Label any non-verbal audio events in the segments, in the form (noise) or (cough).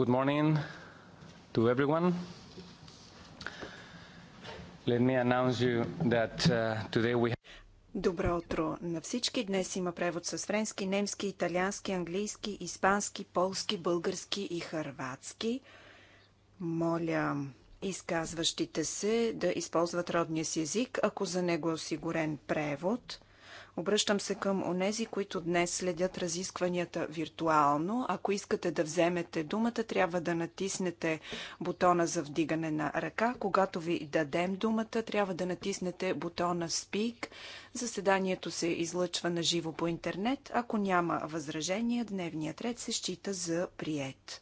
Good morning to everyone. Let me announce you that uh, today we Добро утро на всички. Днес има превод с френски, немски, италиански, английски, испански, полски, български и хърватски. Моля изказващите се да използват родния си език, ако за него е осигурен превод – Обръщам се към онези, които днес следят разискванията виртуално. Ако искате да вземете думата, трябва да натиснете бутона за вдигане на ръка. Когато ви дадем думата, трябва да натиснете бутона Speak. Заседанието се излъчва на живо по интернет. Ако няма възражение, дневният ред се счита за прият.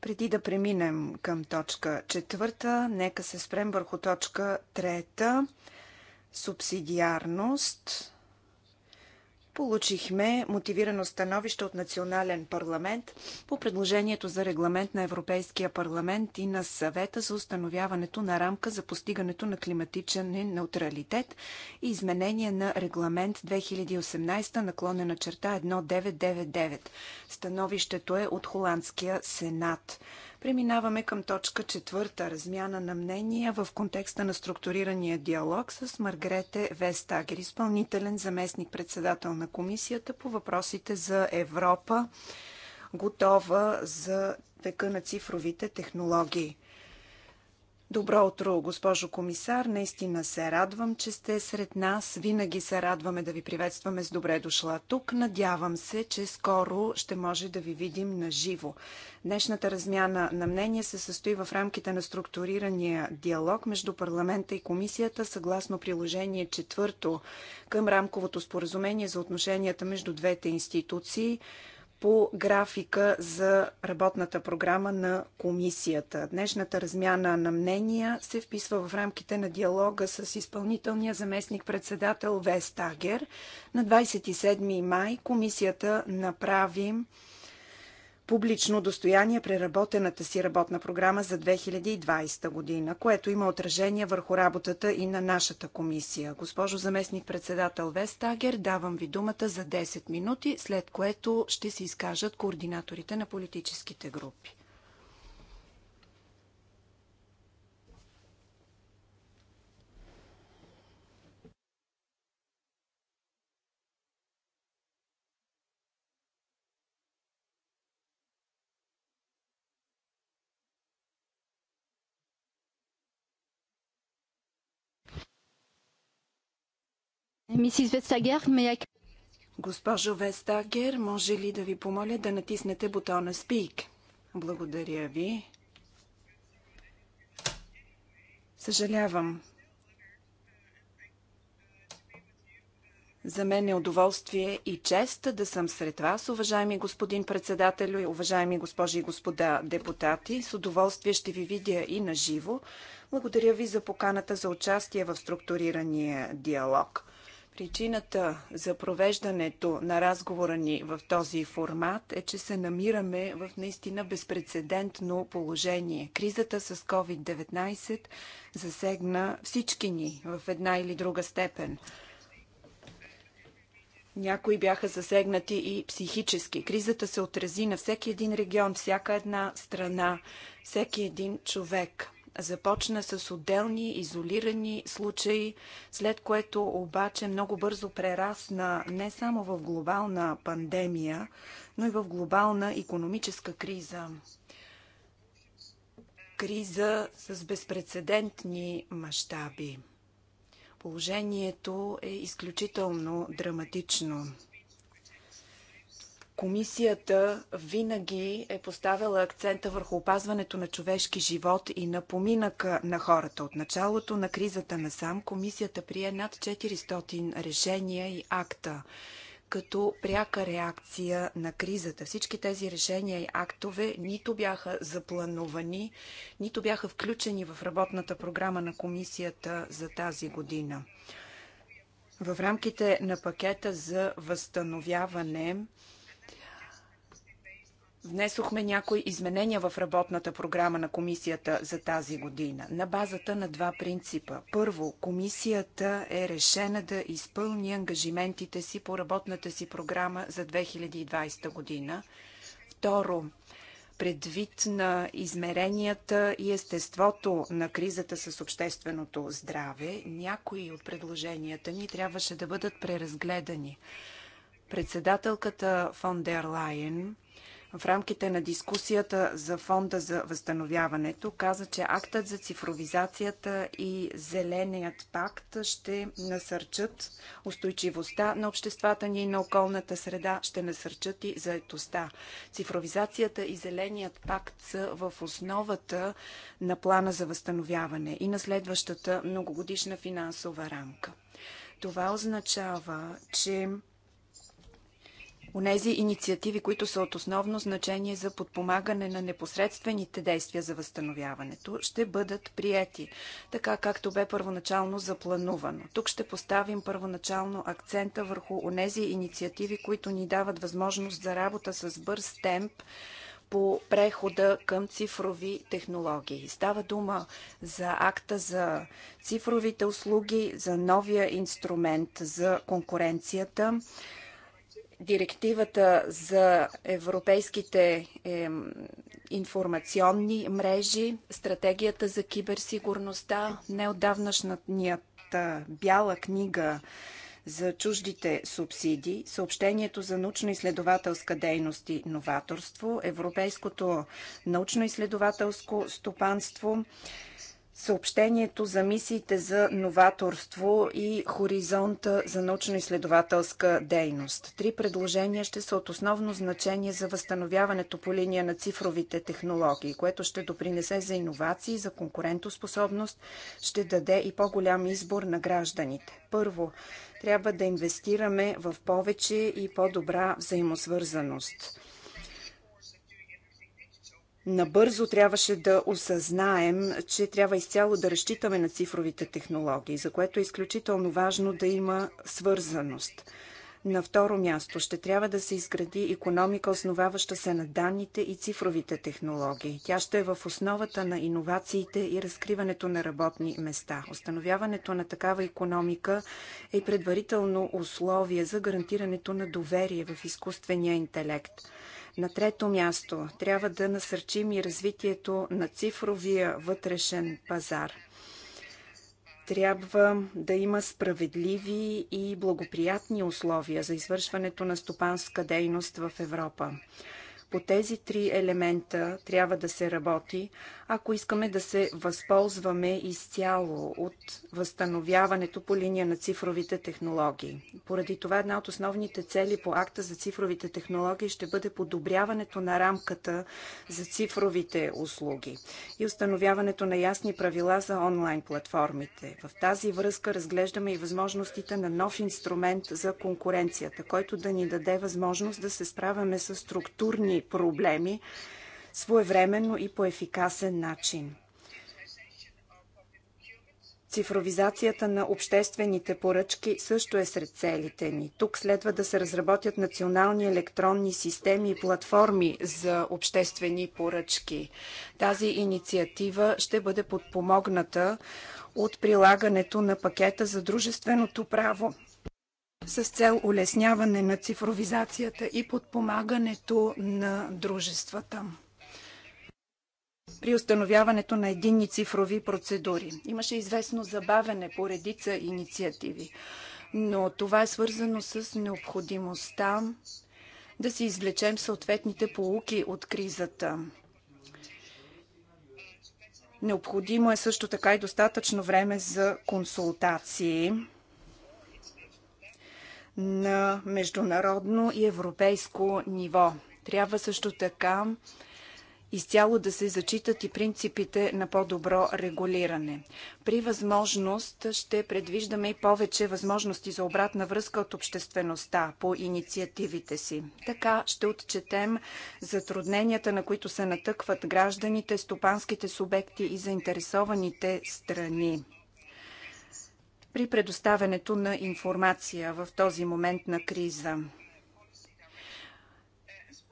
Преди да преминем към точка четвърта, нека се спрем върху точка трета – субсидиарност. Получихме мотивирано становище от Национален парламент по предложението за регламент на Европейския парламент и на съвета за установяването на рамка за постигането на климатичен неутралитет и изменение на регламент 2018 наклонена черта 1999. Становището е от Холандския сенат. Преминаваме към точка четвърта размяна на мнения в контекста на структурирания диалог с Маргрете Вестагер, изпълнителен заместник-председател на комисията по въпросите за Европа, готова за века на цифровите технологии. Добро утро, госпожо комисар. Наистина се радвам, че сте сред нас. Винаги се радваме да ви приветстваме с добре дошла тук. Надявам се, че скоро ще може да ви видим на живо. Днешната размяна на мнение се състои в рамките на структурирания диалог между парламента и комисията съгласно приложение четвърто към рамковото споразумение за отношенията между двете институции по графика за работната програма на комисията. Днешната размяна на мнения се вписва в рамките на диалога с изпълнителния заместник-председател Вестагер. На 27 май комисията направи публично достояние преработената си работна програма за 2020 година, което има отражение върху работата и на нашата комисия. Госпожо заместник председател Вестагер, давам ви думата за 10 минути, след което ще се изкажат координаторите на политическите групи. Госпожо Вестагер, може ли да ви помоля да натиснете бутона Speak? Благодаря ви. Съжалявам. За мен е удоволствие и чест да съм сред вас, уважаеми господин председател и уважаеми госпожи и господа депутати. С удоволствие ще ви видя и на живо. Благодаря ви за поканата за участие в структурирания диалог. Причината за провеждането на разговора ни в този формат е, че се намираме в наистина безпредседентно положение. Кризата с COVID-19 засегна всички ни в една или друга степен. Някои бяха засегнати и психически. Кризата се отрази на всеки един регион, всяка една страна, всеки един човек започна с отделни, изолирани случаи, след което обаче много бързо прерасна не само в глобална пандемия, но и в глобална економическа криза. Криза с безпредседентни мащаби. Положението е изключително драматично. Комисията винаги е поставила акцента върху опазването на човешки живот и на поминъка на хората. От началото на кризата насам комисията прие над 400 решения и акта като пряка реакция на кризата. Всички тези решения и актове нито бяха заплановани, нито бяха включени в работната програма на комисията за тази година. В рамките на пакета за възстановяване Внесохме някои изменения в работната програма на комисията за тази година на базата на два принципа. Първо, комисията е решена да изпълни ангажиментите си по работната си програма за 2020 година. Второ, предвид на измеренията и естеството на кризата с общественото здраве, някои от предложенията ни трябваше да бъдат преразгледани. Председателката фон дер Лайен – в рамките на дискусията за фонда за възстановяването каза, че актът за цифровизацията и зеленият пакт ще насърчат устойчивостта на обществата ни и на околната среда, ще насърчат и заетостта. Цифровизацията и зеленият пакт са в основата на плана за възстановяване и на следващата многогодишна финансова рамка. Това означава, че Онези инициативи, които са от основно значение за подпомагане на непосредствените действия за възстановяването, ще бъдат прияти, така както бе първоначално запланувано. Тук ще поставим първоначално акцента върху онези инициативи, които ни дават възможност за работа с бърз темп, по прехода към цифрови технологии. Става дума за акта за цифровите услуги, за новия инструмент за конкуренцията, директивата за европейските е, информационни мрежи, стратегията за киберсигурността, неотдавнашният бяла книга за чуждите субсидии, съобщението за научно-изследователска дейност и новаторство, европейското научно-изследователско стопанство, съобщението за мисиите за новаторство и хоризонта за научно-изследователска дейност. Три предложения ще са от основно значение за възстановяването по линия на цифровите технологии, което ще допринесе за иновации, за конкурентоспособност, ще даде и по-голям избор на гражданите. Първо, трябва да инвестираме в повече и по-добра взаимосвързаност Набързо трябваше да осъзнаем, че трябва изцяло да разчитаме на цифровите технологии, за което е изключително важно да има свързаност. На второ място ще трябва да се изгради економика, основаваща се на данните и цифровите технологии. Тя ще е в основата на иновациите и разкриването на работни места. Остановяването на такава економика е предварително условие за гарантирането на доверие в изкуствения интелект. На трето място, трябва да насърчим и развитието на цифровия вътрешен пазар. Трябва да има справедливи и благоприятни условия за извършването на стопанска дейност в Европа. По тези три елемента трябва да се работи, ако искаме да се възползваме изцяло от възстановяването по линия на цифровите технологии. Поради това една от основните цели по акта за цифровите технологии ще бъде подобряването на рамката за цифровите услуги и установяването на ясни правила за онлайн платформите. В тази връзка разглеждаме и възможностите на нов инструмент за конкуренцията, който да ни даде възможност да се справяме с структурни проблеми своевременно и по ефикасен начин. Цифровизацията на обществените поръчки също е сред целите ни. Тук следва да се разработят национални електронни системи и платформи за обществени поръчки. Тази инициатива ще бъде подпомогната от прилагането на пакета за дружественото право с цел улесняване на цифровизацията и подпомагането на дружествата при установяването на единни цифрови процедури. Имаше известно забавене по редица инициативи, но това е свързано с необходимостта да си извлечем съответните полуки от кризата. Необходимо е също така и достатъчно време за консултации – на международно и европейско ниво. Трябва също така изцяло да се зачитат и принципите на по-добро регулиране. При възможност ще предвиждаме и повече възможности за обратна връзка от обществеността по инициативите си. Така ще отчетем затрудненията, на които се натъкват гражданите, стопанските субекти и заинтересованите страни при предоставянето на информация в този момент на криза.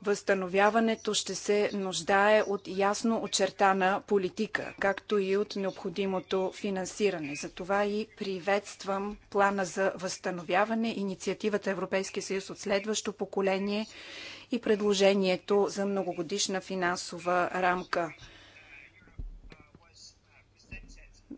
Възстановяването ще се нуждае от ясно очертана политика, както и от необходимото финансиране. Затова и приветствам плана за възстановяване, инициативата Европейския съюз от следващо поколение и предложението за многогодишна финансова рамка.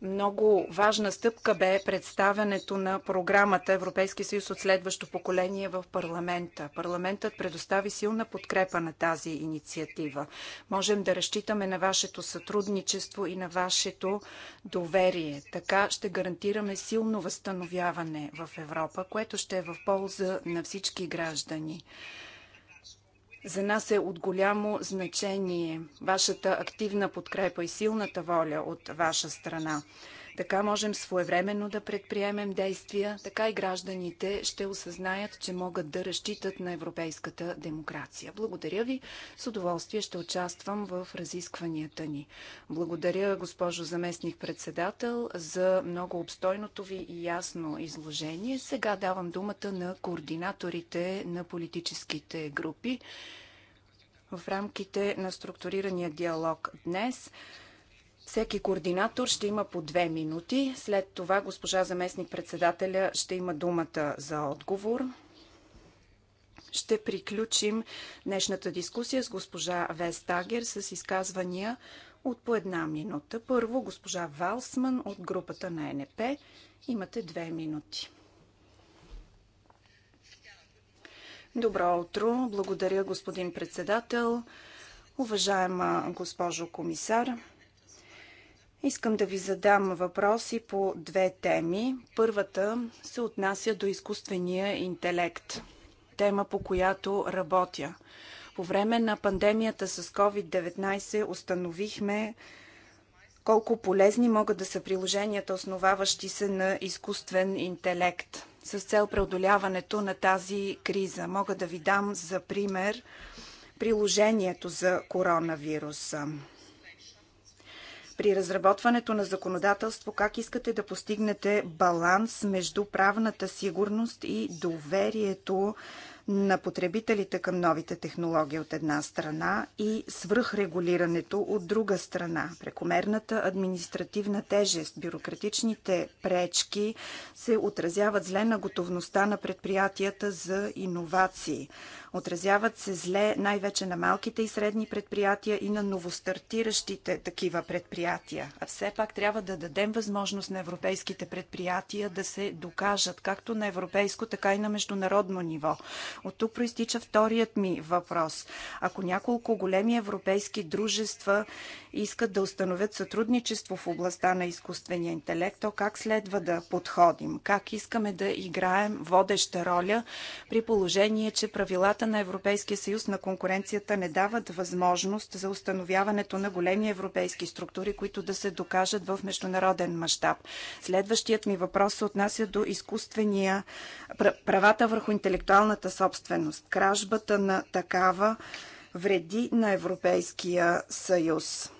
Много важна стъпка бе представянето на програмата Европейски съюз от следващо поколение в парламента. Парламентът предостави силна подкрепа на тази инициатива. Можем да разчитаме на вашето сътрудничество и на вашето доверие. Така ще гарантираме силно възстановяване в Европа, което ще е в полза на всички граждани. За нас е от голямо значение вашата активна подкрепа и силната воля от ваша страна. Така можем своевременно да предприемем действия, така и гражданите ще осъзнаят, че могат да разчитат на европейската демокрация. Благодаря ви. С удоволствие ще участвам в разискванията ни. Благодаря, госпожо заместник-председател, за много обстойното ви и ясно изложение. Сега давам думата на координаторите на политическите групи в рамките на структурирания диалог днес. Всеки координатор ще има по две минути. След това госпожа заместник-председателя ще има думата за отговор. Ще приключим днешната дискусия с госпожа Вестагер с изказвания от по една минута. Първо госпожа Валсман от групата на НП. Имате две минути. Добро утро! Благодаря, господин председател. Уважаема госпожо комисар, Искам да ви задам въпроси по две теми. Първата се отнася до изкуствения интелект. Тема, по която работя. По време на пандемията с COVID-19 установихме колко полезни могат да са приложенията, основаващи се на изкуствен интелект с цел преодоляването на тази криза. Мога да ви дам за пример приложението за коронавируса при разработването на законодателство как искате да постигнете баланс между правната сигурност и доверието на потребителите към новите технологии от една страна и свръхрегулирането от друга страна. Прекомерната административна тежест, бюрократичните пречки се отразяват зле на готовността на предприятията за иновации. Отразяват се зле най-вече на малките и средни предприятия и на новостартиращите такива предприятия. А все пак трябва да дадем възможност на европейските предприятия да се докажат както на европейско, така и на международно ниво. От тук проистича вторият ми въпрос. Ако няколко големи европейски дружества искат да установят сътрудничество в областта на изкуствения интелект, то как следва да подходим? Как искаме да играем водеща роля при положение, че правилата правилата на Европейския съюз на конкуренцията не дават възможност за установяването на големи европейски структури, които да се докажат в международен мащаб. Следващият ми въпрос се отнася до изкуствения правата върху интелектуалната собственост. Кражбата на такава вреди на Европейския съюз.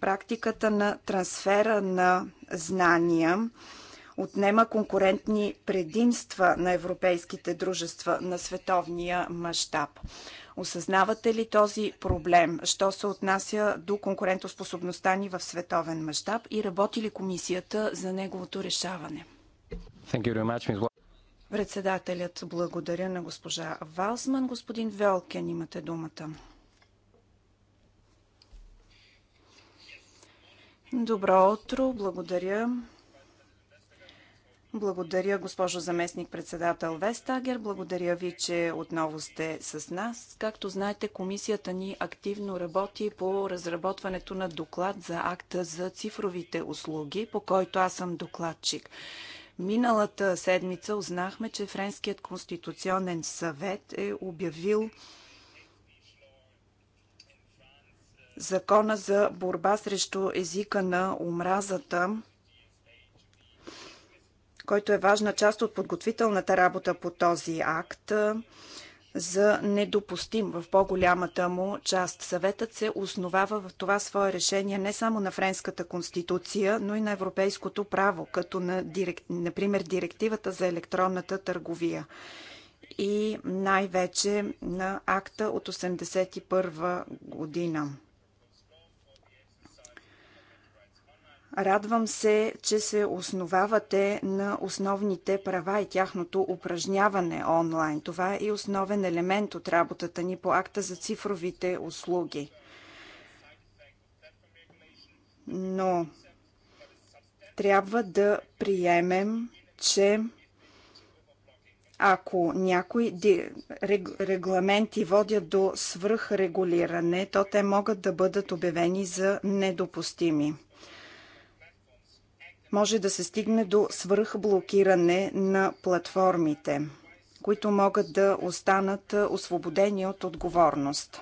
Практиката на трансфера на знания – отнема конкурентни предимства на европейските дружества на световния мащаб. Осъзнавате ли този проблем, що се отнася до конкурентоспособността ни в световен мащаб и работи ли комисията за неговото решаване? Председателят благодаря на госпожа Валсман. Господин Велкен, имате думата. Добро утро, благодаря. Благодаря, госпожо заместник председател Вестагер. Благодаря ви, че отново сте с нас. Както знаете, комисията ни активно работи по разработването на доклад за акта за цифровите услуги, по който аз съм докладчик. Миналата седмица узнахме, че Френският конституционен съвет е обявил закона за борба срещу езика на омразата който е важна част от подготвителната работа по този акт, за недопустим в по-голямата му част. Съветът се основава в това свое решение не само на Френската конституция, но и на европейското право, като на, например директивата за електронната търговия и най-вече на акта от 1981 година. Радвам се, че се основавате на основните права и тяхното упражняване онлайн. Това е и основен елемент от работата ни по акта за цифровите услуги. Но трябва да приемем, че ако някои регламенти водят до свръхрегулиране, то те могат да бъдат обявени за недопустими може да се стигне до свръхблокиране на платформите, които могат да останат освободени от отговорност.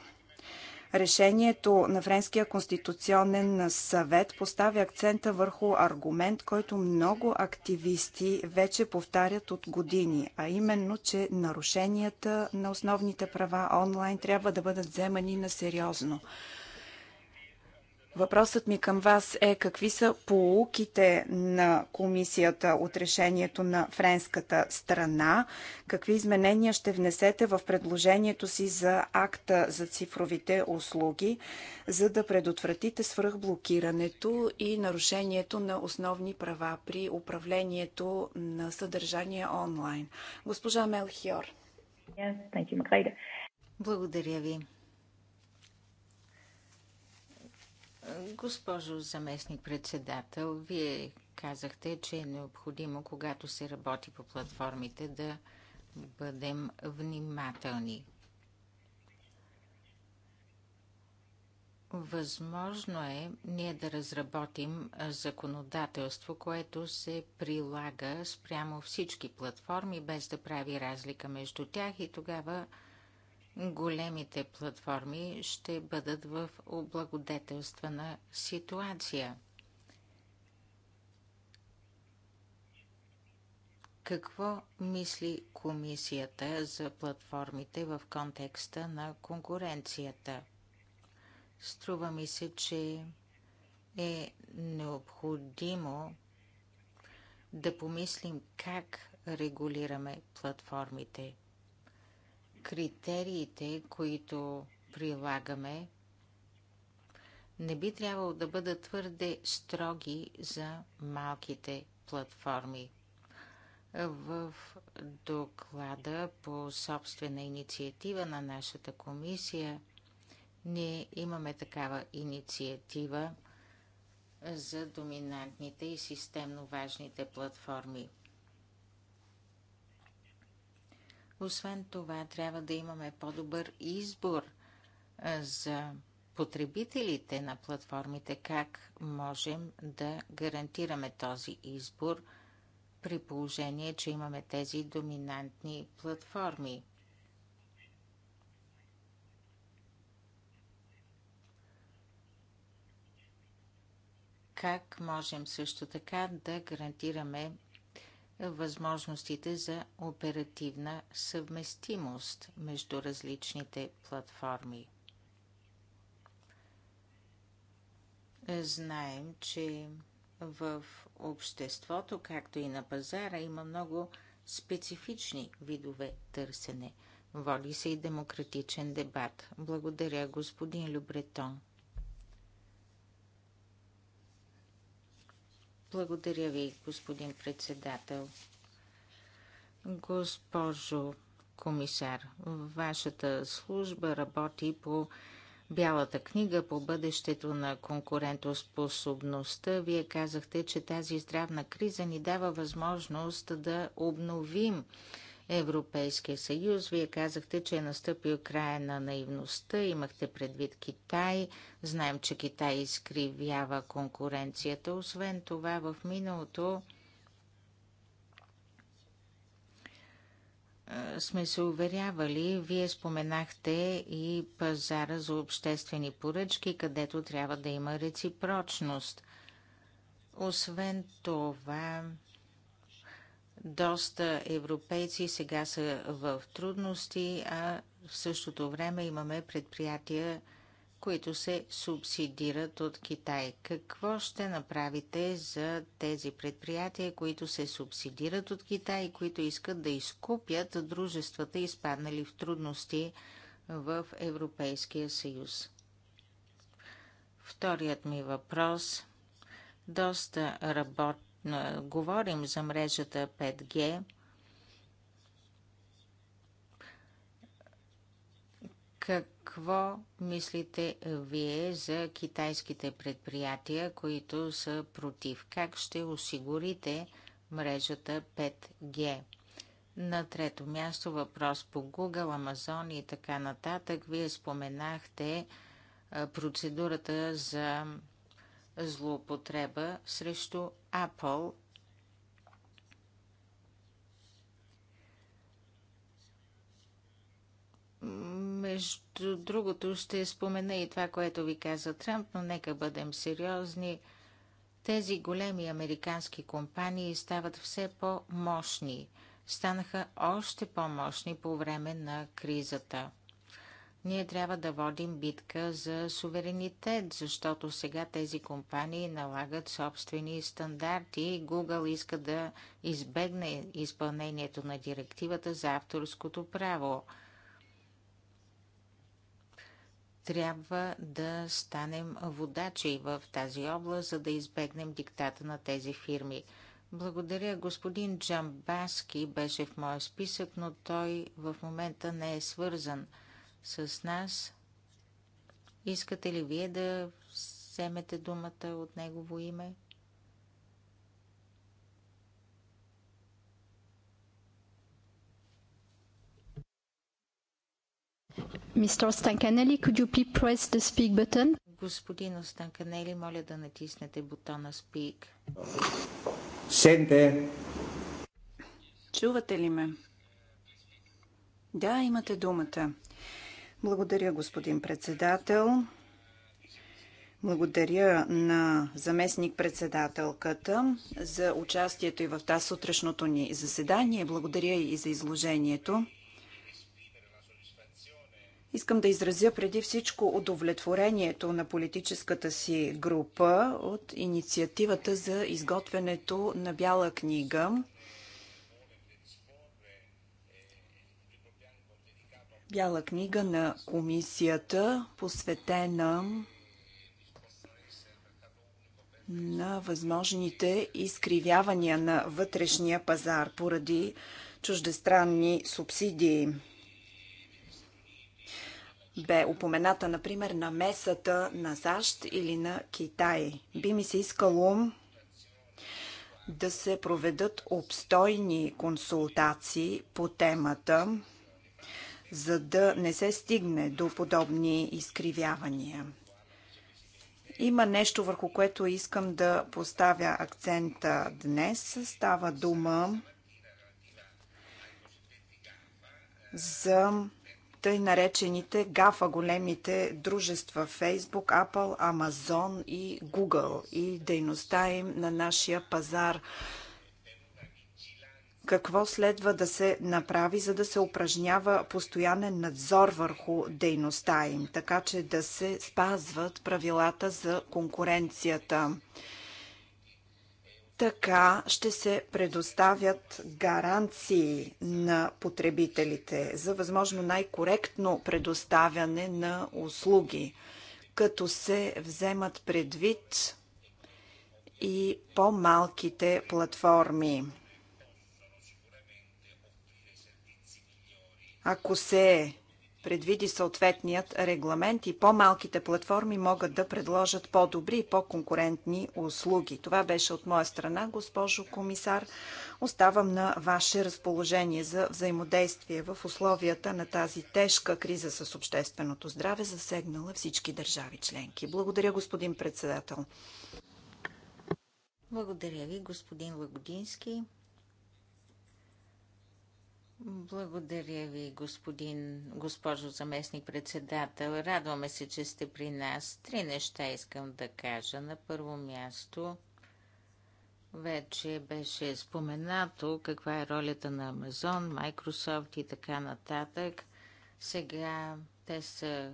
Решението на Френския конституционен съвет поставя акцента върху аргумент, който много активисти вече повтарят от години, а именно, че нарушенията на основните права онлайн трябва да бъдат вземани на сериозно. Въпросът ми към вас е какви са полуките на комисията от решението на френската страна? Какви изменения ще внесете в предложението си за акта за цифровите услуги, за да предотвратите свръхблокирането и нарушението на основни права при управлението на съдържание онлайн? Госпожа Мелхиор. Благодаря ви. Госпожо заместник-председател, вие казахте, че е необходимо, когато се работи по платформите, да бъдем внимателни. Възможно е ние да разработим законодателство, което се прилага спрямо всички платформи, без да прави разлика между тях и тогава големите платформи ще бъдат в облагодетелствана ситуация. Какво мисли комисията за платформите в контекста на конкуренцията? Струва ми се, че е необходимо да помислим как регулираме платформите критериите, които прилагаме, не би трябвало да бъдат твърде строги за малките платформи. В доклада по собствена инициатива на нашата комисия ние имаме такава инициатива за доминантните и системно важните платформи. Освен това, трябва да имаме по-добър избор за потребителите на платформите, как можем да гарантираме този избор при положение, че имаме тези доминантни платформи. Как можем също така да гарантираме възможностите за оперативна съвместимост между различните платформи. Знаем, че в обществото, както и на пазара, има много специфични видове търсене. Води се и демократичен дебат. Благодаря, господин Любретон. Благодаря ви, господин председател. Госпожо комисар, вашата служба работи по Бялата книга по бъдещето на конкурентоспособността. Вие казахте, че тази здравна криза ни дава възможност да обновим Европейския съюз. Вие казахте, че е настъпил края на наивността, имахте предвид Китай. Знаем, че Китай изкривява конкуренцията. Освен това, в миналото сме се уверявали, вие споменахте и пазара за обществени поръчки, където трябва да има реципрочност. Освен това, доста европейци сега са в трудности, а в същото време имаме предприятия, които се субсидират от Китай. Какво ще направите за тези предприятия, които се субсидират от Китай които искат да изкупят дружествата, изпаднали в трудности в Европейския съюз? Вторият ми въпрос. Доста работ говорим за мрежата 5G, какво мислите вие за китайските предприятия, които са против? Как ще осигурите мрежата 5G? На трето място въпрос по Google, Amazon и така нататък. Вие споменахте процедурата за злоупотреба срещу Apple Между другото ще спомена и това, което ви каза Трамп, но нека бъдем сериозни. Тези големи американски компании стават все по-мощни. Станаха още по-мощни по време на кризата. Ние трябва да водим битка за суверенитет, защото сега тези компании налагат собствени стандарти и Google иска да избегне изпълнението на директивата за авторското право. Трябва да станем водачи в тази област, за да избегнем диктата на тези фирми. Благодаря. Господин Джамбаски беше в моя списък, но той в момента не е свързан – с нас. Искате ли вие да вземете думата от негово име? Мистер Станканели, could you please press the speak button? Господин Станканели, моля да натиснете бутона speak. Сенте. Чувате ли ме? Да, имате думата. Благодаря, господин председател. Благодаря на заместник-председателката за участието и в тази сутрешното ни заседание. Благодаря и за изложението. Искам да изразя преди всичко удовлетворението на политическата си група от инициативата за изготвянето на бяла книга – бяла книга на комисията, посветена на възможните изкривявания на вътрешния пазар поради чуждестранни субсидии. Бе упомената, например, на месата на САЩ или на Китай. Би ми се искало да се проведат обстойни консултации по темата за да не се стигне до подобни изкривявания. Има нещо, върху което искам да поставя акцента днес. Става дума за тъй наречените гафа големите дружества Facebook, Apple, Amazon и Google и дейността им на нашия пазар какво следва да се направи, за да се упражнява постоянен надзор върху дейността им, така че да се спазват правилата за конкуренцията. Така ще се предоставят гаранции на потребителите за възможно най-коректно предоставяне на услуги, като се вземат предвид и по-малките платформи. Ако се предвиди съответният регламент и по-малките платформи могат да предложат по-добри и по-конкурентни услуги. Това беше от моя страна, госпожо комисар. Оставам на ваше разположение за взаимодействие в условията на тази тежка криза с общественото здраве, засегнала всички държави членки. Благодаря, господин председател. Благодаря ви, господин Лагодински. Благодаря ви, господин, госпожо заместник председател. Радваме се, че сте при нас. Три неща искам да кажа. На първо място, вече беше споменато каква е ролята на Амазон, Microsoft и така нататък. Сега те са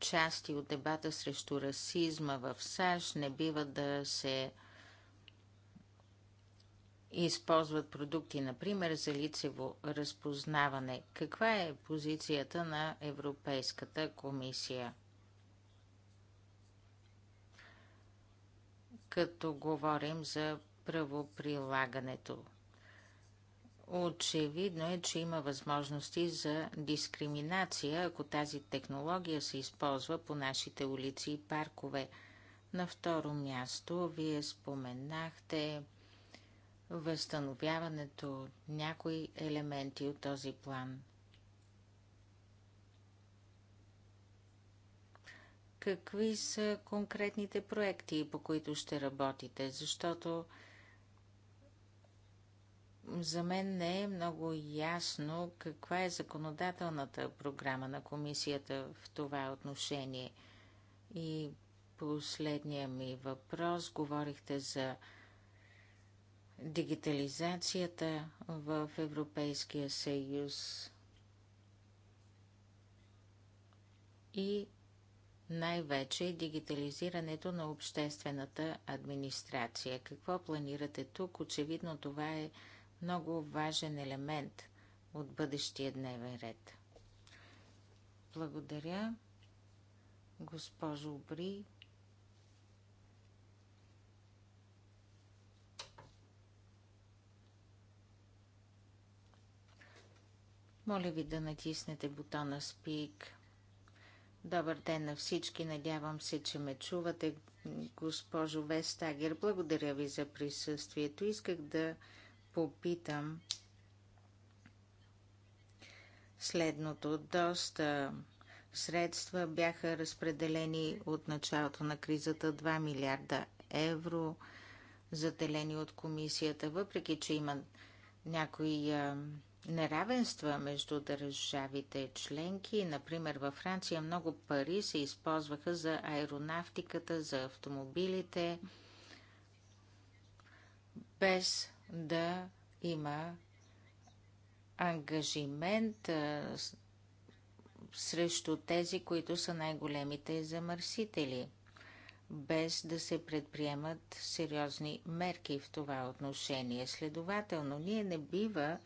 части от дебата срещу расизма в САЩ. Не бива да се използват продукти, например, за лицево разпознаване. Каква е позицията на Европейската комисия? Като говорим за правоприлагането. Очевидно е, че има възможности за дискриминация, ако тази технология се използва по нашите улици и паркове. На второ място, вие споменахте възстановяването, някои елементи от този план. Какви са конкретните проекти, по които ще работите? Защото за мен не е много ясно каква е законодателната програма на комисията в това отношение. И последния ми въпрос, говорихте за дигитализацията в Европейския съюз и най-вече дигитализирането на обществената администрация. Какво планирате тук? Очевидно това е много важен елемент от бъдещия дневен ред. Благодаря, госпожо Бри. Моля ви да натиснете бутона Speak. Добър ден на всички. Надявам се, че ме чувате, госпожо Вестагер. Благодаря ви за присъствието. Исках да попитам следното. Доста средства бяха разпределени от началото на кризата 2 милиарда евро, заделени от комисията, въпреки че има някои неравенства между държавите членки. Например, във Франция много пари се използваха за аеронавтиката, за автомобилите, без да има ангажимент срещу тези, които са най-големите замърсители, без да се предприемат сериозни мерки в това отношение. Следователно, ние не бива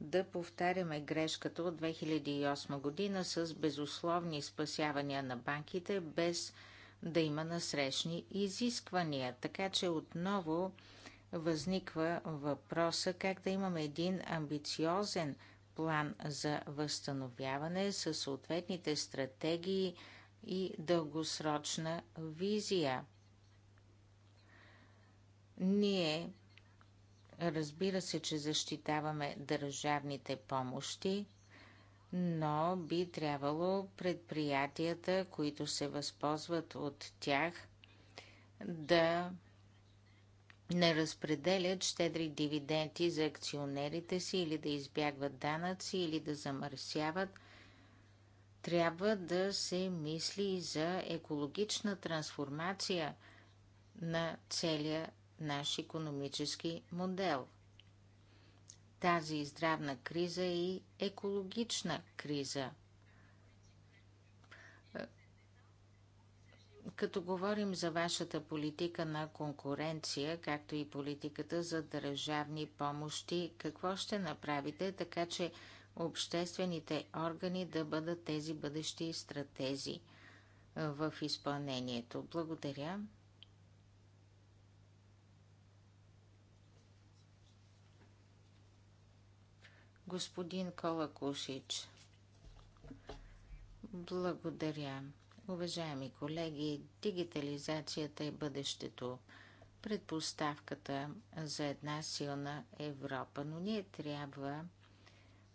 да повтаряме грешката от 2008 година с безусловни спасявания на банките, без да има насрещни изисквания. Така че отново възниква въпроса как да имаме един амбициозен план за възстановяване с съответните стратегии и дългосрочна визия. Ние Разбира се, че защитаваме държавните помощи, но би трябвало предприятията, които се възползват от тях, да не разпределят щедри дивиденти за акционерите си или да избягват данъци или да замърсяват. Трябва да се мисли и за екологична трансформация на целия наш економически модел. Тази здравна криза е и екологична криза. Като говорим за вашата политика на конкуренция, както и политиката за държавни помощи, какво ще направите така, че обществените органи да бъдат тези бъдещи стратези в изпълнението? Благодаря. Господин Кола Кушич. Благодаря. Уважаеми колеги, дигитализацията е бъдещето, предпоставката за една силна Европа, но ние трябва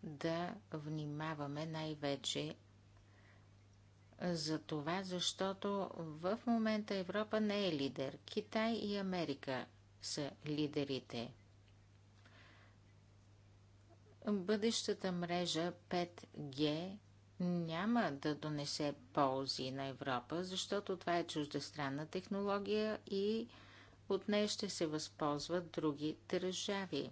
да внимаваме най-вече за това, защото в момента Европа не е лидер. Китай и Америка са лидерите – бъдещата мрежа 5G няма да донесе ползи на Европа, защото това е чуждестранна технология и от нея ще се възползват други държави.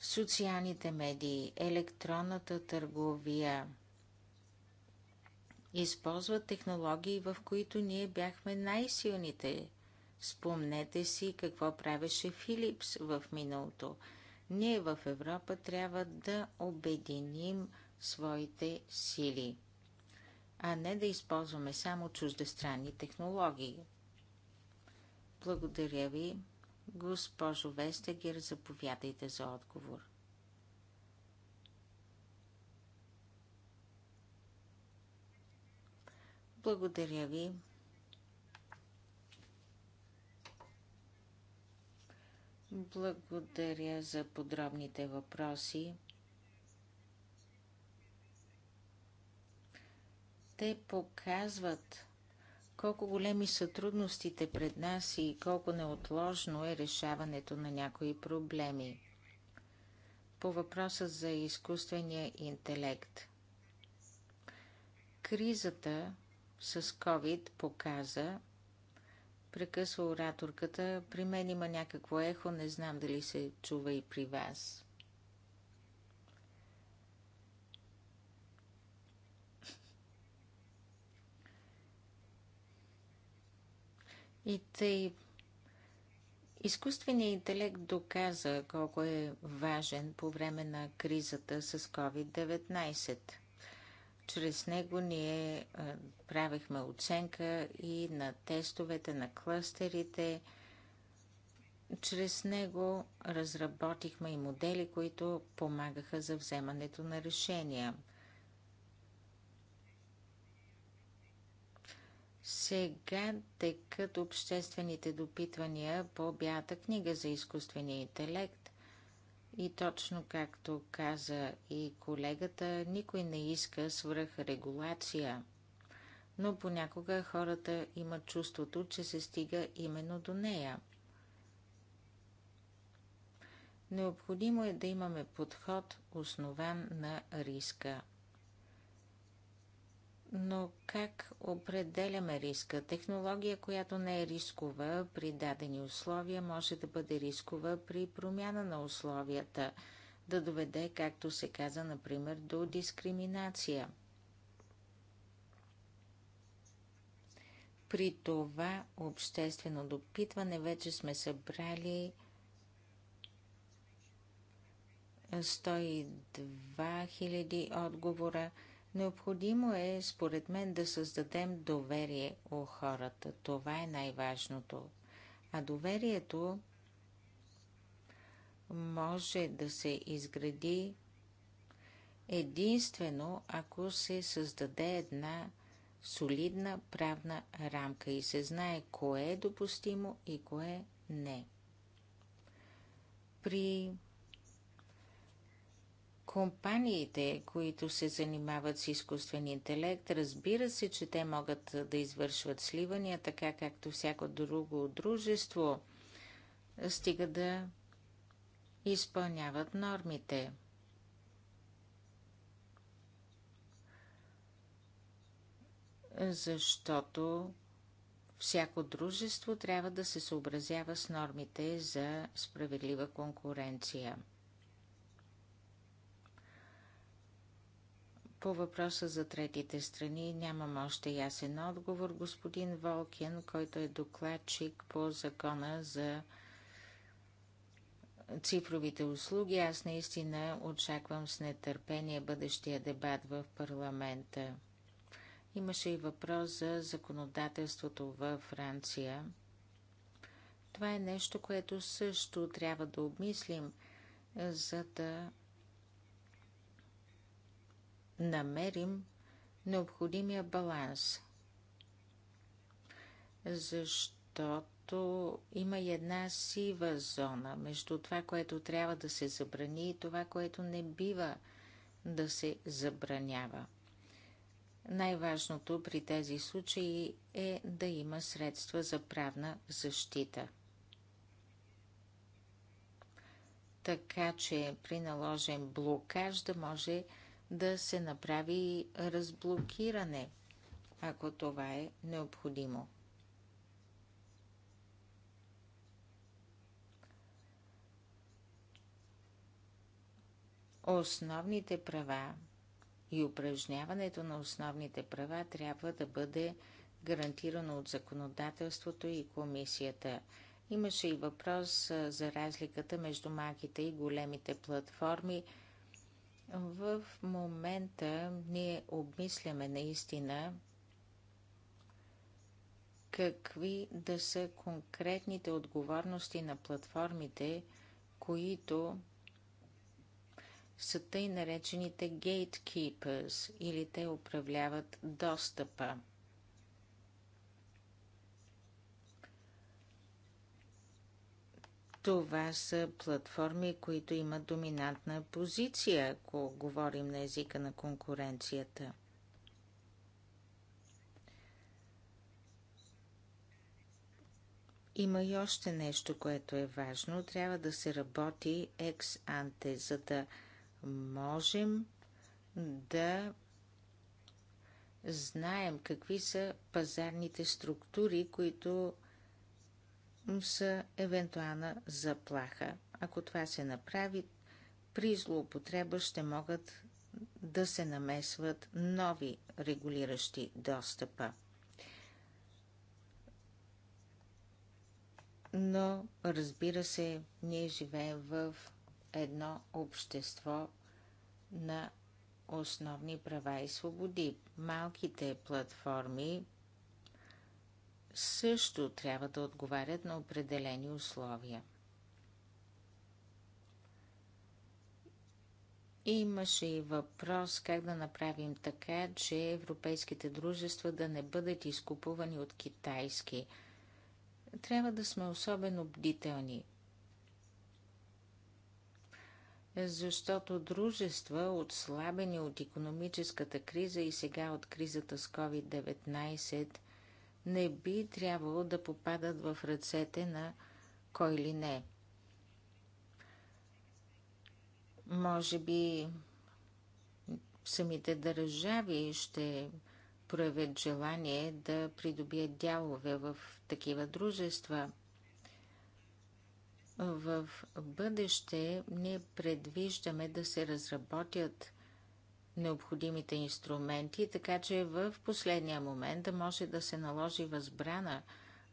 Социалните медии, електронната търговия използват технологии, в които ние бяхме най-силните. Спомнете си какво правеше Филипс в миналото – ние в Европа трябва да обединим своите сили, а не да използваме само чуждестранни технологии. Благодаря ви, госпожо Вестегер, заповядайте за отговор. Благодаря ви, Благодаря за подробните въпроси. Те показват колко големи са трудностите пред нас и колко неотложно е решаването на някои проблеми. По въпроса за изкуствения интелект. Кризата с COVID показа, Прекъсва ораторката. При мен има някакво ехо, не знам дали се чува и при вас. И тъй изкуственият интелект доказа колко е важен по време на кризата с COVID-19. Чрез него ние правихме оценка и на тестовете, на клъстерите. Чрез него разработихме и модели, които помагаха за вземането на решения. Сега текат обществените допитвания по бята книга за изкуствения интелект. И точно както каза и колегата, никой не иска свръхрегулация. Но понякога хората имат чувството, че се стига именно до нея. Необходимо е да имаме подход, основан на риска. Но как определяме риска? Технология, която не е рискова при дадени условия, може да бъде рискова при промяна на условията, да доведе, както се каза, например, до дискриминация. При това обществено допитване вече сме събрали 102 000 отговора – Необходимо е, според мен, да създадем доверие у хората. Това е най-важното. А доверието може да се изгради единствено, ако се създаде една солидна правна рамка и се знае кое е допустимо и кое не. При Компаниите, които се занимават с изкуствен интелект, разбира се, че те могат да извършват сливания, така както всяко друго дружество, стига да изпълняват нормите. Защото всяко дружество трябва да се съобразява с нормите за справедлива конкуренция – По въпроса за третите страни нямам още ясен отговор. Господин Волкин, който е докладчик по закона за цифровите услуги, аз наистина очаквам с нетърпение бъдещия дебат в парламента. Имаше и въпрос за законодателството във Франция. Това е нещо, което също трябва да обмислим, за да намерим необходимия баланс. Защото има и една сива зона между това, което трябва да се забрани и това, което не бива да се забранява. Най-важното при тези случаи е да има средства за правна защита. Така че при наложен блокаж да може да се направи разблокиране, ако това е необходимо. Основните права и упражняването на основните права трябва да бъде гарантирано от законодателството и комисията. Имаше и въпрос за разликата между малките и големите платформи – в момента ние обмисляме наистина какви да са конкретните отговорности на платформите, които са тъй наречените gatekeepers или те управляват достъпа. Това са платформи, които имат доминантна позиция, ако говорим на езика на конкуренцията. Има и още нещо, което е важно. Трябва да се работи екс-анте, за да можем да знаем какви са пазарните структури, които са евентуална заплаха. Ако това се направи, при злоупотреба ще могат да се намесват нови регулиращи достъпа. Но, разбира се, ние живеем в едно общество на основни права и свободи. Малките платформи също трябва да отговарят на определени условия. Имаше и въпрос как да направим така, че европейските дружества да не бъдат изкупувани от китайски. Трябва да сме особено бдителни. Защото дружества, отслабени от економическата криза и сега от кризата с COVID-19, не би трябвало да попадат в ръцете на кой ли не. Може би самите държави ще проявят желание да придобият дялове в такива дружества. В бъдеще ние предвиждаме да се разработят необходимите инструменти, така че в последния момент да може да се наложи възбрана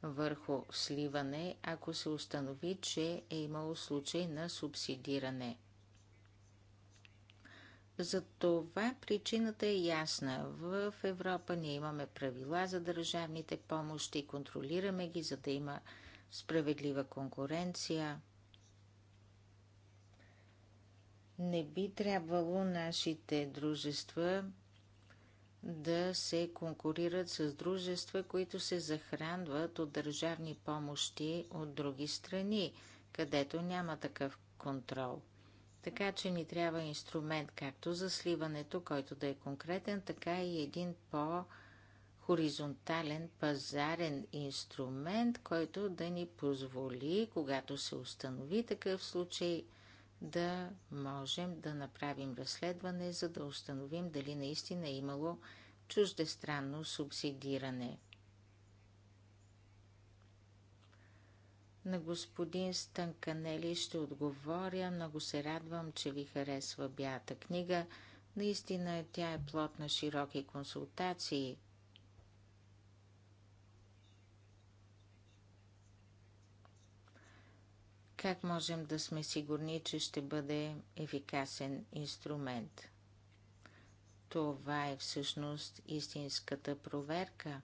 върху сливане, ако се установи, че е имало случай на субсидиране. За това причината е ясна. В Европа ние имаме правила за държавните помощи, контролираме ги, за да има справедлива конкуренция. Не би трябвало нашите дружества да се конкурират с дружества, които се захранват от държавни помощи от други страни, където няма такъв контрол. Така че ни трябва инструмент както за сливането, който да е конкретен, така и един по-хоризонтален пазарен инструмент, който да ни позволи, когато се установи такъв случай, да можем да направим разследване, за да установим дали наистина е имало чуждестранно субсидиране. На господин Станканели ще отговоря. Много се радвам, че ви харесва бята книга. Наистина тя е плод на широки консултации – Как можем да сме сигурни, че ще бъде ефикасен инструмент? Това е всъщност истинската проверка.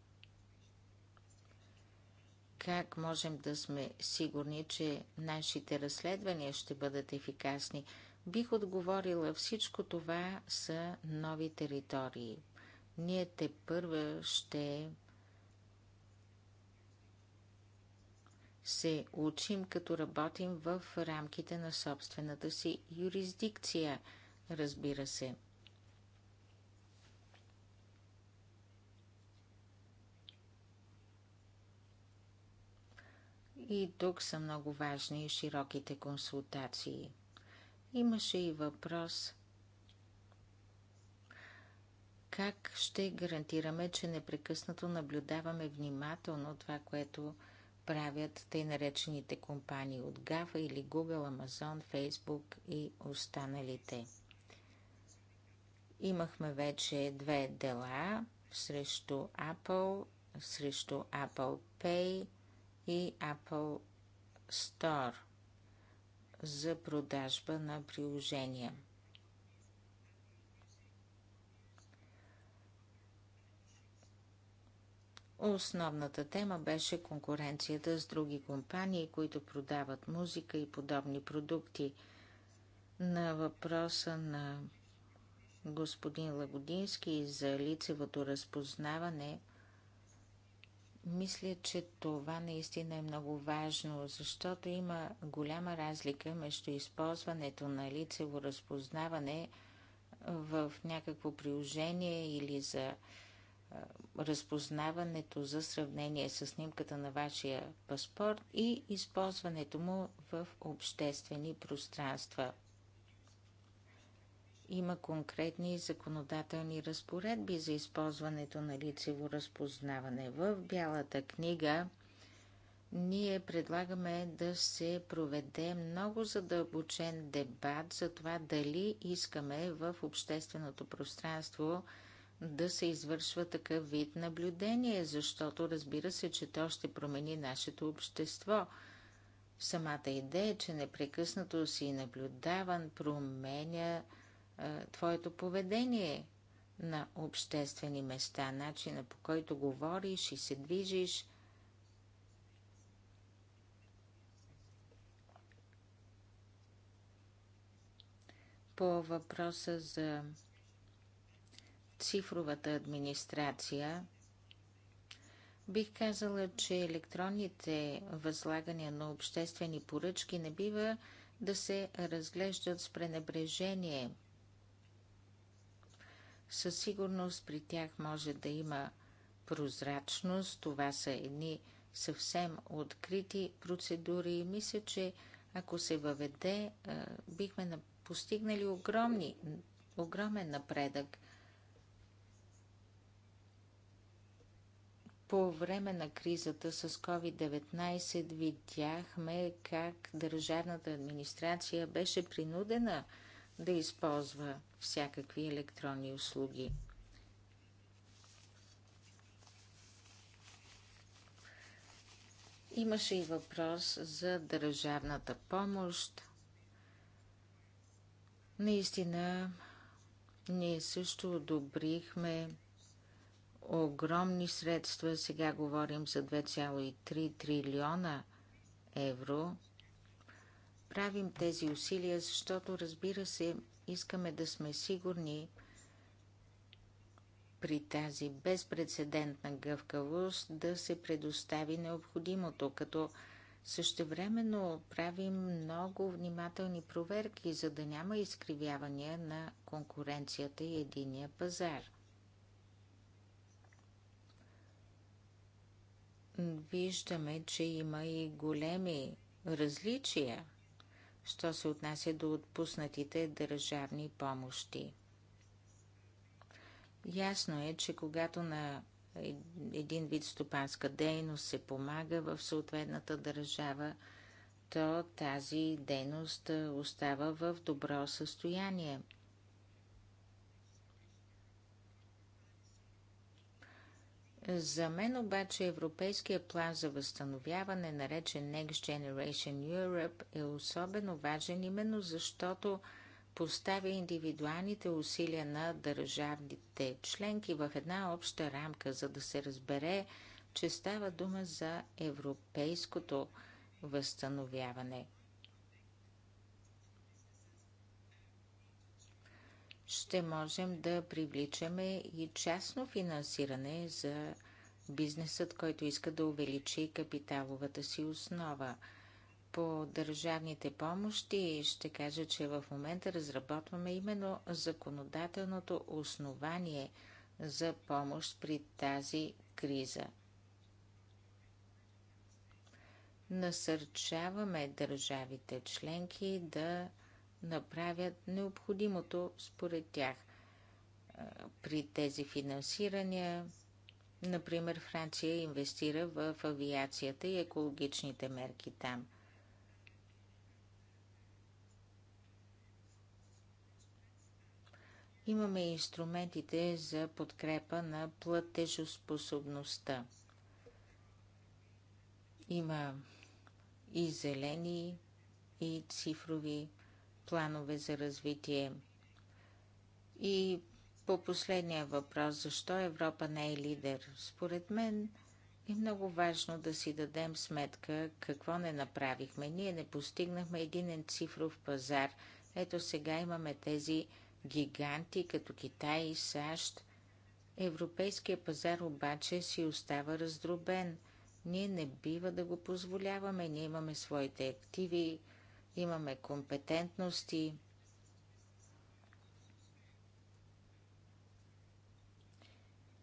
Как можем да сме сигурни, че нашите разследвания ще бъдат ефикасни? Бих отговорила, всичко това са нови територии. Ние те първа ще се учим, като работим в рамките на собствената си юрисдикция, разбира се. И тук са много важни широките консултации. Имаше и въпрос как ще гарантираме, че непрекъснато наблюдаваме внимателно това, което правят тъй наречените компании от GAFA или Google, Amazon, Facebook и останалите. Имахме вече две дела срещу Apple, срещу Apple Pay и Apple Store за продажба на приложения. Основната тема беше конкуренцията с други компании, които продават музика и подобни продукти. На въпроса на господин Лагодински за лицевото разпознаване, мисля, че това наистина е много важно, защото има голяма разлика между използването на лицево разпознаване в някакво приложение или за разпознаването за сравнение с снимката на вашия паспорт и използването му в обществени пространства. Има конкретни законодателни разпоредби за използването на лицево разпознаване. В Бялата книга ние предлагаме да се проведе много задълбочен дебат за това дали искаме в общественото пространство да се извършва такъв вид наблюдение, защото разбира се, че то ще промени нашето общество. Самата идея, че непрекъснато си наблюдаван, променя е, твоето поведение на обществени места, начина по който говориш и се движиш. По въпроса за цифровата администрация, бих казала, че електронните възлагания на обществени поръчки не бива да се разглеждат с пренебрежение. Със сигурност при тях може да има прозрачност. Това са едни съвсем открити процедури и мисля, че ако се въведе, бихме постигнали огромни, огромен напредък – По време на кризата с COVID-19 видяхме как държавната администрация беше принудена да използва всякакви електронни услуги. Имаше и въпрос за държавната помощ. Наистина, ние също одобрихме огромни средства. Сега говорим за 2,3 трилиона евро. Правим тези усилия, защото, разбира се, искаме да сме сигурни при тази безпредседентна гъвкавост да се предостави необходимото, като същевременно правим много внимателни проверки, за да няма изкривявания на конкуренцията и единия пазар. виждаме, че има и големи различия, що се отнася до отпуснатите държавни помощи. Ясно е, че когато на един вид стопанска дейност се помага в съответната държава, то тази дейност остава в добро състояние – За мен обаче Европейския план за възстановяване, наречен Next Generation Europe, е особено важен именно защото поставя индивидуалните усилия на държавните членки в една обща рамка, за да се разбере, че става дума за европейското възстановяване – ще можем да привличаме и частно финансиране за бизнесът, който иска да увеличи капиталовата си основа. По държавните помощи ще кажа, че в момента разработваме именно законодателното основание за помощ при тази криза. Насърчаваме държавите членки да направят необходимото според тях при тези финансирания. Например, Франция инвестира в авиацията и екологичните мерки там. Имаме инструментите за подкрепа на платежоспособността. Има и зелени, и цифрови планове за развитие. И по последния въпрос, защо Европа не е лидер? Според мен е много важно да си дадем сметка какво не направихме. Ние не постигнахме един цифров пазар. Ето сега имаме тези гиганти като Китай и САЩ. Европейския пазар обаче си остава раздробен. Ние не бива да го позволяваме. Ние имаме своите активи, имаме компетентности.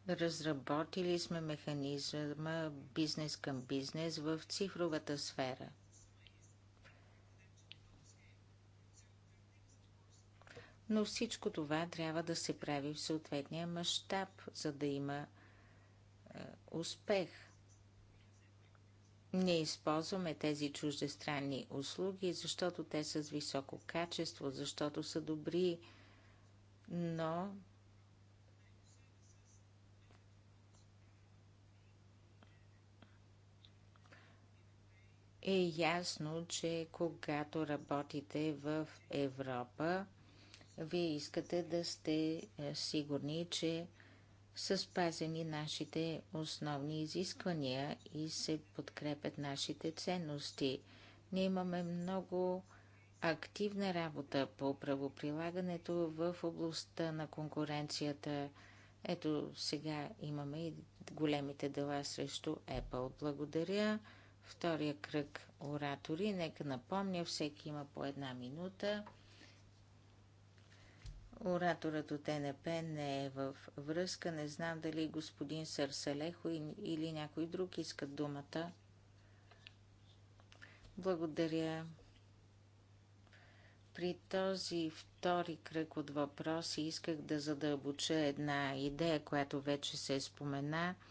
Разработили сме механизма бизнес към бизнес в цифровата сфера. Но всичко това трябва да се прави в съответния мащаб, за да има е, успех – не използваме тези чуждестранни услуги, защото те са с високо качество, защото са добри, но е ясно, че когато работите в Европа, вие искате да сте е, сигурни, че са спазени нашите основни изисквания и се подкрепят нашите ценности. Ние имаме много активна работа по правоприлагането в областта на конкуренцията. Ето сега имаме и големите дела срещу Apple. Благодаря. Втория кръг оратори. Нека напомня, всеки има по една минута. Ораторът от НП не е в връзка. Не знам дали господин Сърселехо или някой друг искат думата. Благодаря. При този втори кръг от въпроси исках да задълбоча една идея, която вече се е спомена –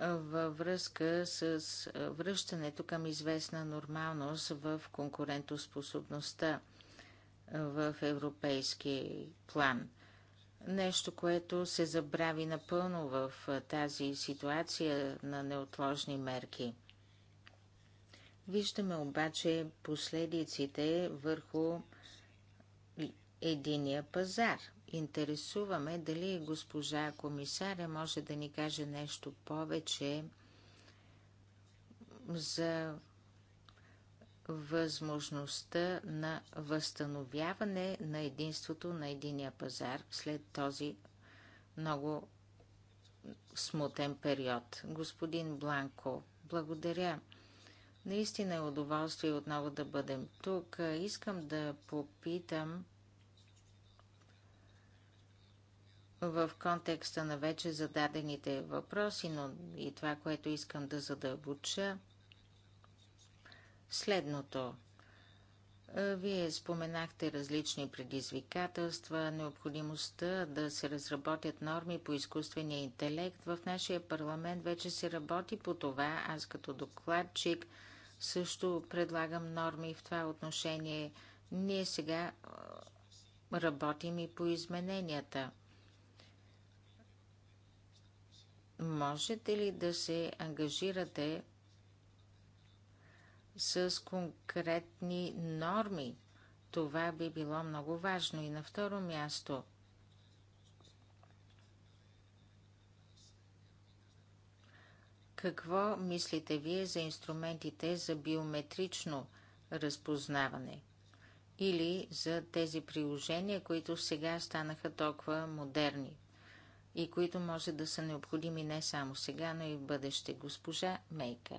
във връзка с връщането към известна нормалност в конкурентоспособността в европейски план. Нещо, което се забрави напълно в тази ситуация на неотложни мерки. Виждаме обаче последиците върху единия пазар – интересуваме дали госпожа комисаря може да ни каже нещо повече за възможността на възстановяване на единството на единия пазар след този много смутен период. Господин Бланко, благодаря. Наистина е удоволствие отново да бъдем тук. Искам да попитам в контекста на вече зададените въпроси, но и това, което искам да задълбоча. Следното. Е, вие споменахте различни предизвикателства, необходимостта да се разработят норми по изкуствения интелект. В нашия парламент вече се работи по това. Аз като докладчик също предлагам норми в това отношение. Ние сега е, работим и по измененията. Можете ли да се ангажирате с конкретни норми? Това би било много важно. И на второ място – Какво мислите вие за инструментите за биометрично разпознаване? Или за тези приложения, които сега станаха толкова модерни? и които може да са необходими не само сега, но и в бъдеще. Госпожа Мейкър.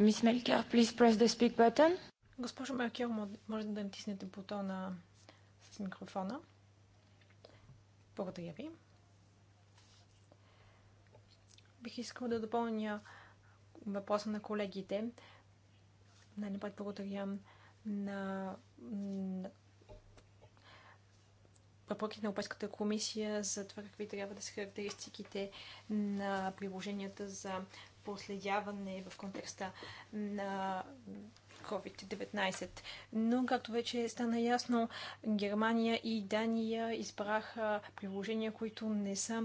Мис Мелькер, please press the speak button. Госпожо Мелькер, може да натиснете бутона с микрофона. Благодаря ви. Бих искал да допълня въпроса на колегите. Най-напред благодаря на въпроки на Европейската комисия за това какви трябва да са характеристиките на приложенията за проследяване в контекста на COVID-19. Но, както вече стана ясно, Германия и Дания избраха приложения, които не са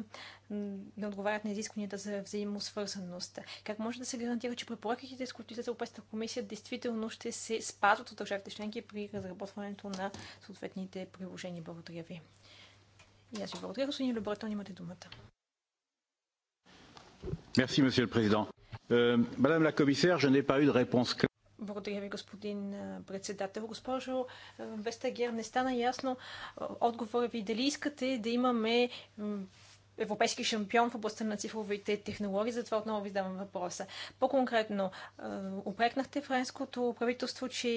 не отговарят на изискванията за взаимосвързаност. Как може да се гарантира, че препоръките, с които излезе Европейската комисия, действително ще се спазват от държавите членки при разработването на съответните приложения? Благодаря ви. И аз ви благодаря, господин Любратон, имате думата. Merci, Monsieur le Président. Euh, Madame la Commissaire, je n'ai pas eu de réponse claire. Благодаря ви, господин председател. Госпожо Вестагер, не стана ясно отговора ви дали искате да имаме европейски шампион в областта на цифровите технологии, затова отново ви задавам въпроса. По-конкретно, упрекнахте френското правителство, че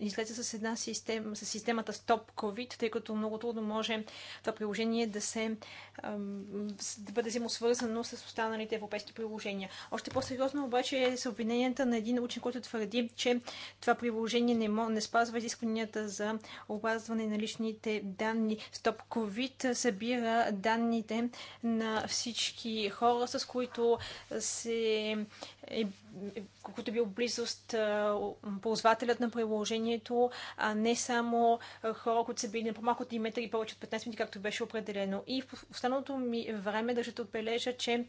излезе с една система, с системата Stop COVID, тъй като много трудно може това приложение да се да бъде взаимосвързано с останалите европейски приложения. Още по-сериозно обаче е с обвиненията на един учен, който твърди, че това приложение не, мож, не спазва изискванията за опазване на личните данни. Stop COVID събира данните на всички хора, с които се е, е, е бил близост ползвателят на приложението, а не само хора, които са били на по-малко от 1 метър и повече от 15 минути, както беше определено. И в останалото ми време държа да отбележа, че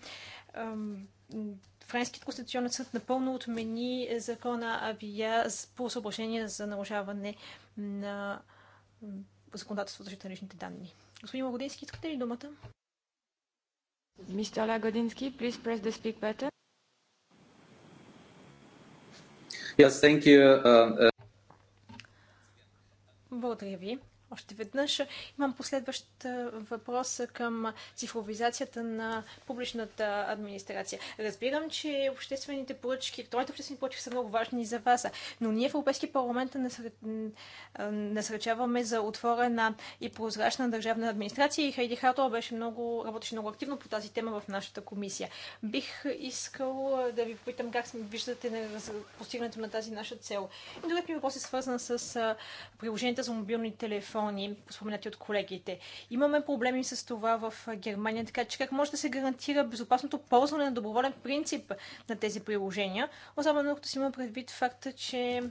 Френският конституционен съд напълно отмени закона Авия по съображение за нарушаване на законодателството за личните данни. Господин Магодински, искате ли думата? Mr. Lagodinsky, please press the speak button. Yes, thank you. Uh, uh... Благодаря ви. Още веднъж имам последващ въпрос към цифровизацията на публичната администрация. Разбирам, че обществените поръчки, електронните обществени поръчки са много важни за вас, но ние в Европейския парламент насръчаваме за отворена и прозрачна държавна администрация и Хайди Хартова беше много, работеше много активно по тази тема в нашата комисия. Бих искал да ви попитам как виждате на постигането на тази наша цел. И другият ми въпрос е свързан с приложенията за мобилни телефони телефони, споменати от колегите. Имаме проблеми с това в Германия, така че как може да се гарантира безопасното ползване на доброволен принцип на тези приложения, особено като си има предвид факта, че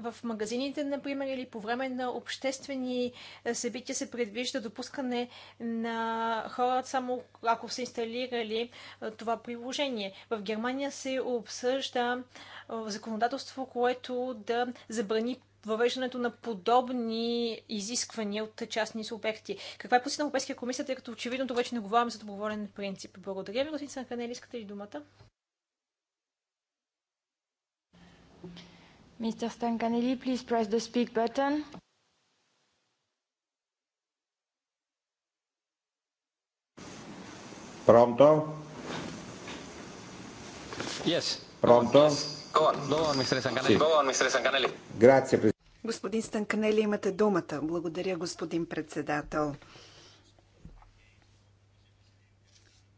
в магазините, например, или по време на обществени събития се предвижда допускане на хора само ако са инсталирали това приложение. В Германия се обсъжда законодателство, което да забрани въвеждането на подобни изисквания от частни субекти. Каква е позиция на Европейския комисия, тъй като очевидно вече не говорим за доброволен принцип? Благодаря ви, господин Санханели, искате ли думата? Мистер Станканели, please press the speak button. Pronto? Yes. Pronto? Yes. Господин Станканели, имате думата. Благодаря, господин председател.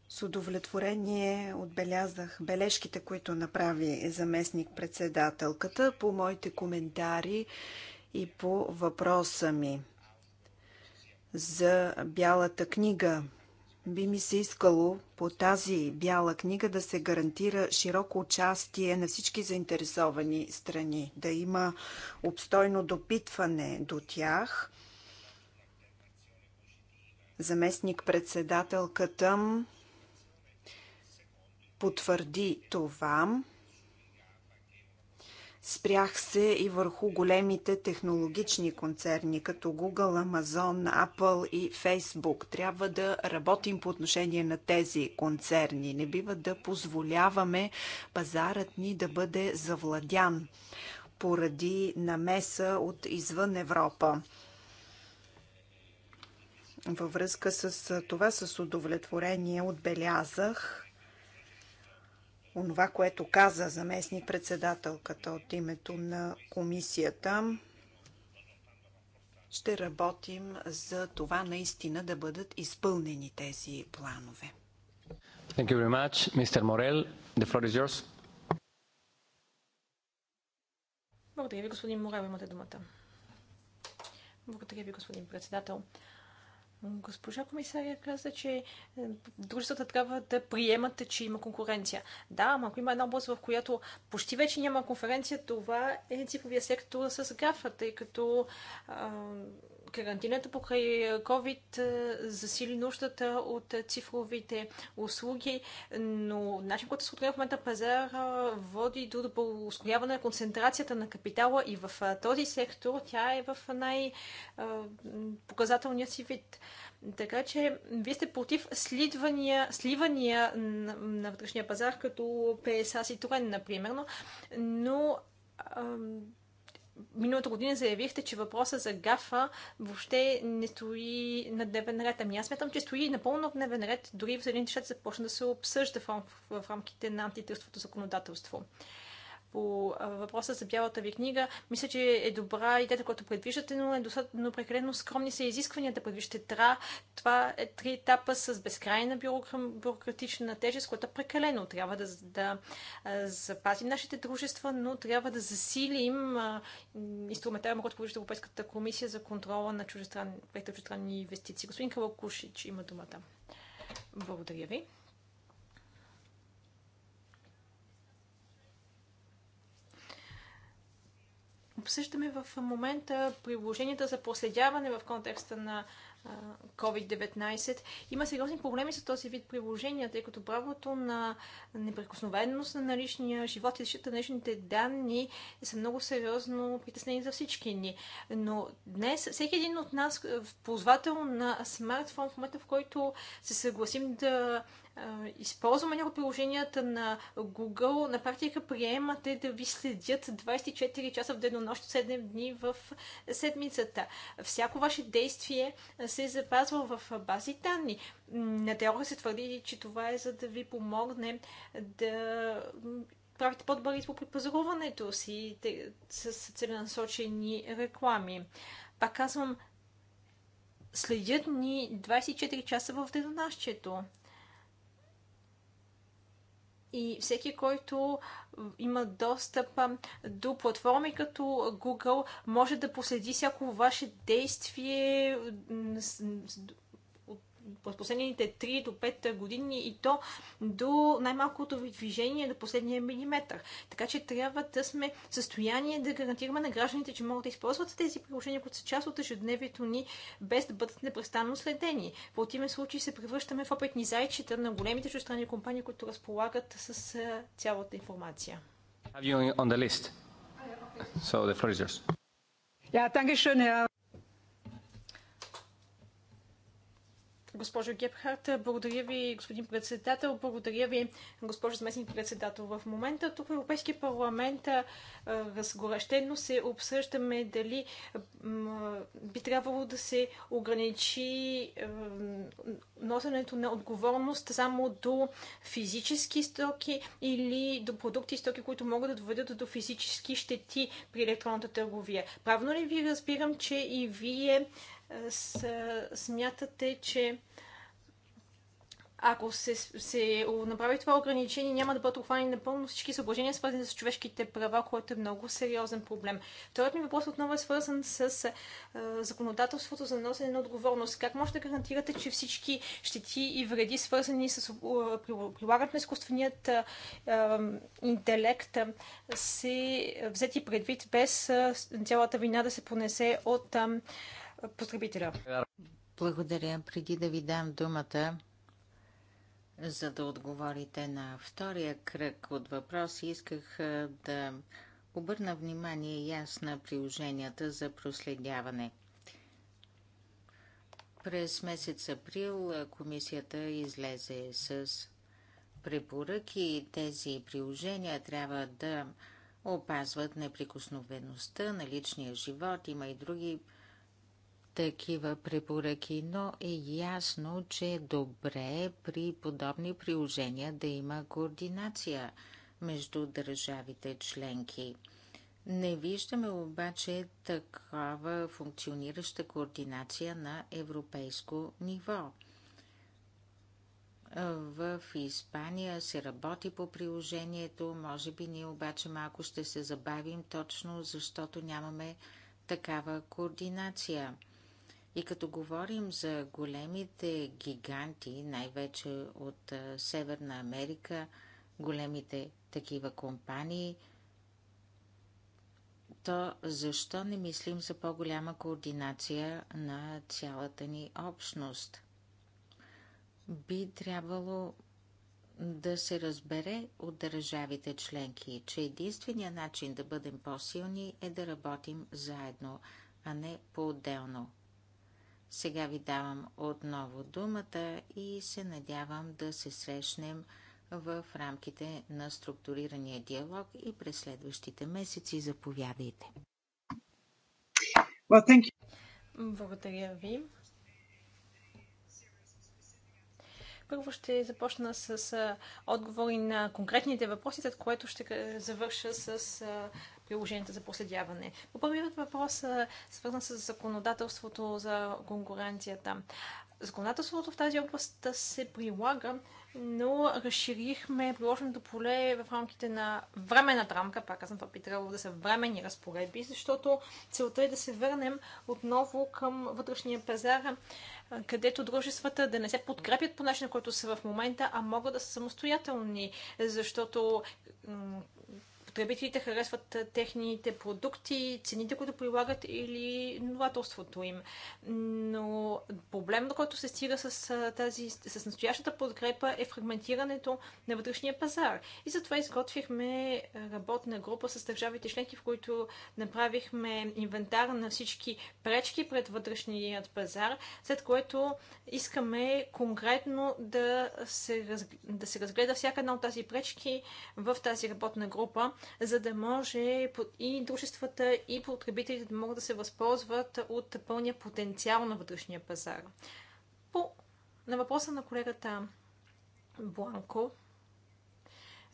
С удовлетворение отбелязах бележките, които направи заместник председателката по моите коментари и по въпроса ми за Бялата книга би ми се искало по тази бяла книга да се гарантира широко участие на всички заинтересовани страни, да има обстойно допитване до тях. Заместник председателката потвърди това. Спрях се и върху големите технологични концерни, като Google, Amazon, Apple и Facebook. Трябва да работим по отношение на тези концерни. Не бива да позволяваме пазарът ни да бъде завладян поради намеса от извън Европа. Във връзка с това, с удовлетворение отбелязах, онова, което каза заместник председателката от името на комисията. Ще работим за това наистина да бъдат изпълнени тези планове. Thank you very much, Mr. Morel. The floor is yours. Благодаря ви, господин Морел. Имате думата. Благодаря ви, господин председател. Госпожа комисария каза, че е, дружествата трябва да приемат, че има конкуренция. Да, ама ако има една област, в която почти вече няма конференция, това е цифровия сектор с графа, тъй като а, карантината покрай е, COVID е, засили нуждата от е, цифровите услуги, но начин, който се открива в момента пазар, води до ускоряване на концентрацията на капитала и в този сектор тя е в най-показателния си вид. Така че вие сте против сливания, сливания на, на вътрешния пазар, като PSA Citroën, например, но миналата година заявихте, че въпроса за гафа въобще не стои на дневен ред. Ами аз смятам, че стои напълно в дневен ред, дори в Съединените щати започна да се обсъжда в, в, в рамките на антитръстовото законодателство по въпроса за бялата ви книга. Мисля, че е добра идеята, която предвиждате, но е достатъчно прекалено скромни са изискванията. Предвиждате тра. Това е три етапа с безкрайна бюрократична тежест, която е прекалено. Трябва да, да запазим нашите дружества, но трябва да засилим инструментариума, който получи Европейската комисия за контрола на чужестранни инвестиции. Господин Калакушич има думата. Благодаря ви. Обсъждаме в момента приложенията за последяване в контекста на COVID-19. Има сериозни проблеми с този вид приложения, тъй като правото на неприкосновеност на наличния живот и защита на наличните данни са много сериозно притеснени за всички ни. Но днес всеки един от нас, ползвател на смартфон, в момента в който се съгласим да използваме някои приложенията на Google, на практика приемате да ви следят 24 часа в денонощ, 7 дни в седмицата. Всяко ваше действие се запазва в бази данни. На теория се твърди, че това е за да ви помогне да правите по-добър избор при пазаруването си с целенасочени реклами. Пак казвам, следят ни 24 часа в денонощието и всеки, който има достъп до платформи като Google, може да последи всяко ваше действие през последните 3 до 5 години и то до най-малкото движение до последния милиметър. Така че трябва да сме в състояние да гарантираме на гражданите, че могат да използват тези приложения, които са част от ежедневието ни, без да бъдат непрестанно следени. В противен случай се превръщаме в опитни зайчета на големите чуждестранни компании, които разполагат с цялата информация. Have you on the list? So the госпожо Гепхарт. Благодаря ви, господин председател. Благодаря ви, госпожо заместник председател. В момента тук в Европейския парламент разгорещено се обсъждаме дали би трябвало да се ограничи носенето на отговорност само до физически стоки или до продукти и стоки, които могат да доведат до физически щети при електронната търговия. Правно ли ви разбирам, че и вие смятате, че ако се, се направи това ограничение, няма да бъдат охвани напълно всички съображения, свързани с човешките права, което е много сериозен проблем. Вторият ми въпрос отново е свързан с е, законодателството за носене на отговорност. Как може да гарантирате, че всички щети и вреди, свързани с е, прилагането на изкуственият е, интелект, се взети предвид без е, цялата вина да се понесе от е, потребителя. Благодаря. Преди да ви дам думата, за да отговорите на втория кръг от въпроси, исках да обърна внимание и аз на приложенията за проследяване. През месец април комисията излезе с препоръки. Тези приложения трябва да опазват неприкосновеността на личния живот. Има и други такива препоръки, но е ясно, че е добре при подобни приложения да има координация между държавите членки. Не виждаме обаче такава функционираща координация на европейско ниво. В Испания се работи по приложението, може би ние обаче малко ще се забавим точно, защото нямаме такава координация. И като говорим за големите гиганти, най-вече от Северна Америка, големите такива компании, то защо не мислим за по-голяма координация на цялата ни общност? Би трябвало да се разбере от държавите членки, че единственият начин да бъдем по-силни е да работим заедно, а не по-отделно. Сега ви давам отново думата и се надявам да се срещнем в рамките на структурирания диалог и през следващите месеци. Заповядайте. Well, Благодаря ви. Първо ще започна с отговори на конкретните въпроси, след което ще завърша с приложенията за проследяване. По първият въпрос свързан с законодателството за конкуренцията. Законодателството в тази област се прилага но разширихме приложеното поле в рамките на времена рамка, пак казвам, това би трябвало да са временни разпоредби, защото целта е да се върнем отново към вътрешния пазар, където дружествата да не се подкрепят по начина, който са в момента, а могат да са самостоятелни, защото потребителите харесват техните продукти, цените, които прилагат или новаторството им. Но проблем, до който се стига с, тази, с настоящата подкрепа е фрагментирането на вътрешния пазар. И затова изготвихме работна група с държавите членки, в които направихме инвентар на всички пречки пред вътрешният пазар, след което искаме конкретно да се, да се разгледа всяка една от тази пречки в тази работна група, за да може и дружествата, и потребителите да могат да се възползват от пълния потенциал на вътрешния пазар. По, на въпроса на колегата Бланко,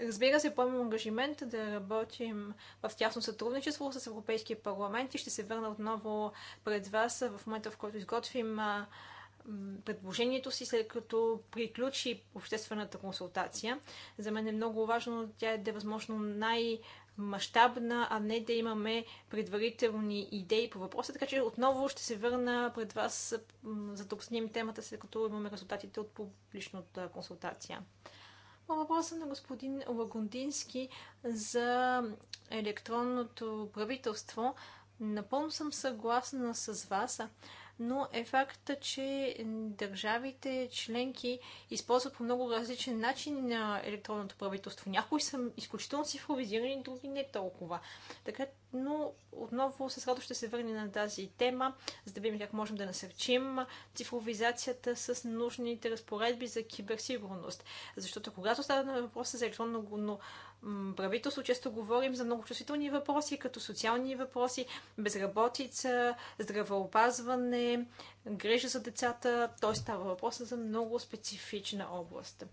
Разбира се, поемам ангажимент да работим в тясно сътрудничество с Европейския парламент и ще се върна отново пред вас в момента, в който изготвим предложението си, след като приключи обществената консултация. За мен е много важно тя да е възможно най- мащабна, а не да имаме предварителни идеи по въпроса. Така че отново ще се върна пред вас, за да обсъдим темата, след като имаме резултатите от публичната консултация. По въпроса на господин Лагундински за електронното правителство, напълно съм съгласна с вас но е факта, че държавите членки използват по много различен начин на електронното правителство. Някои са изключително цифровизирани, други не толкова. Така, но отново с радост ще се върнем на тази тема, за да видим как можем да насърчим цифровизацията с нужните разпоредби за киберсигурност. Защото когато става на въпроса за електронно правителство често говорим за много чувствителни въпроси, като социални въпроси, безработица, здравеопазване, грижа за децата. Той става въпроса за много специфична област.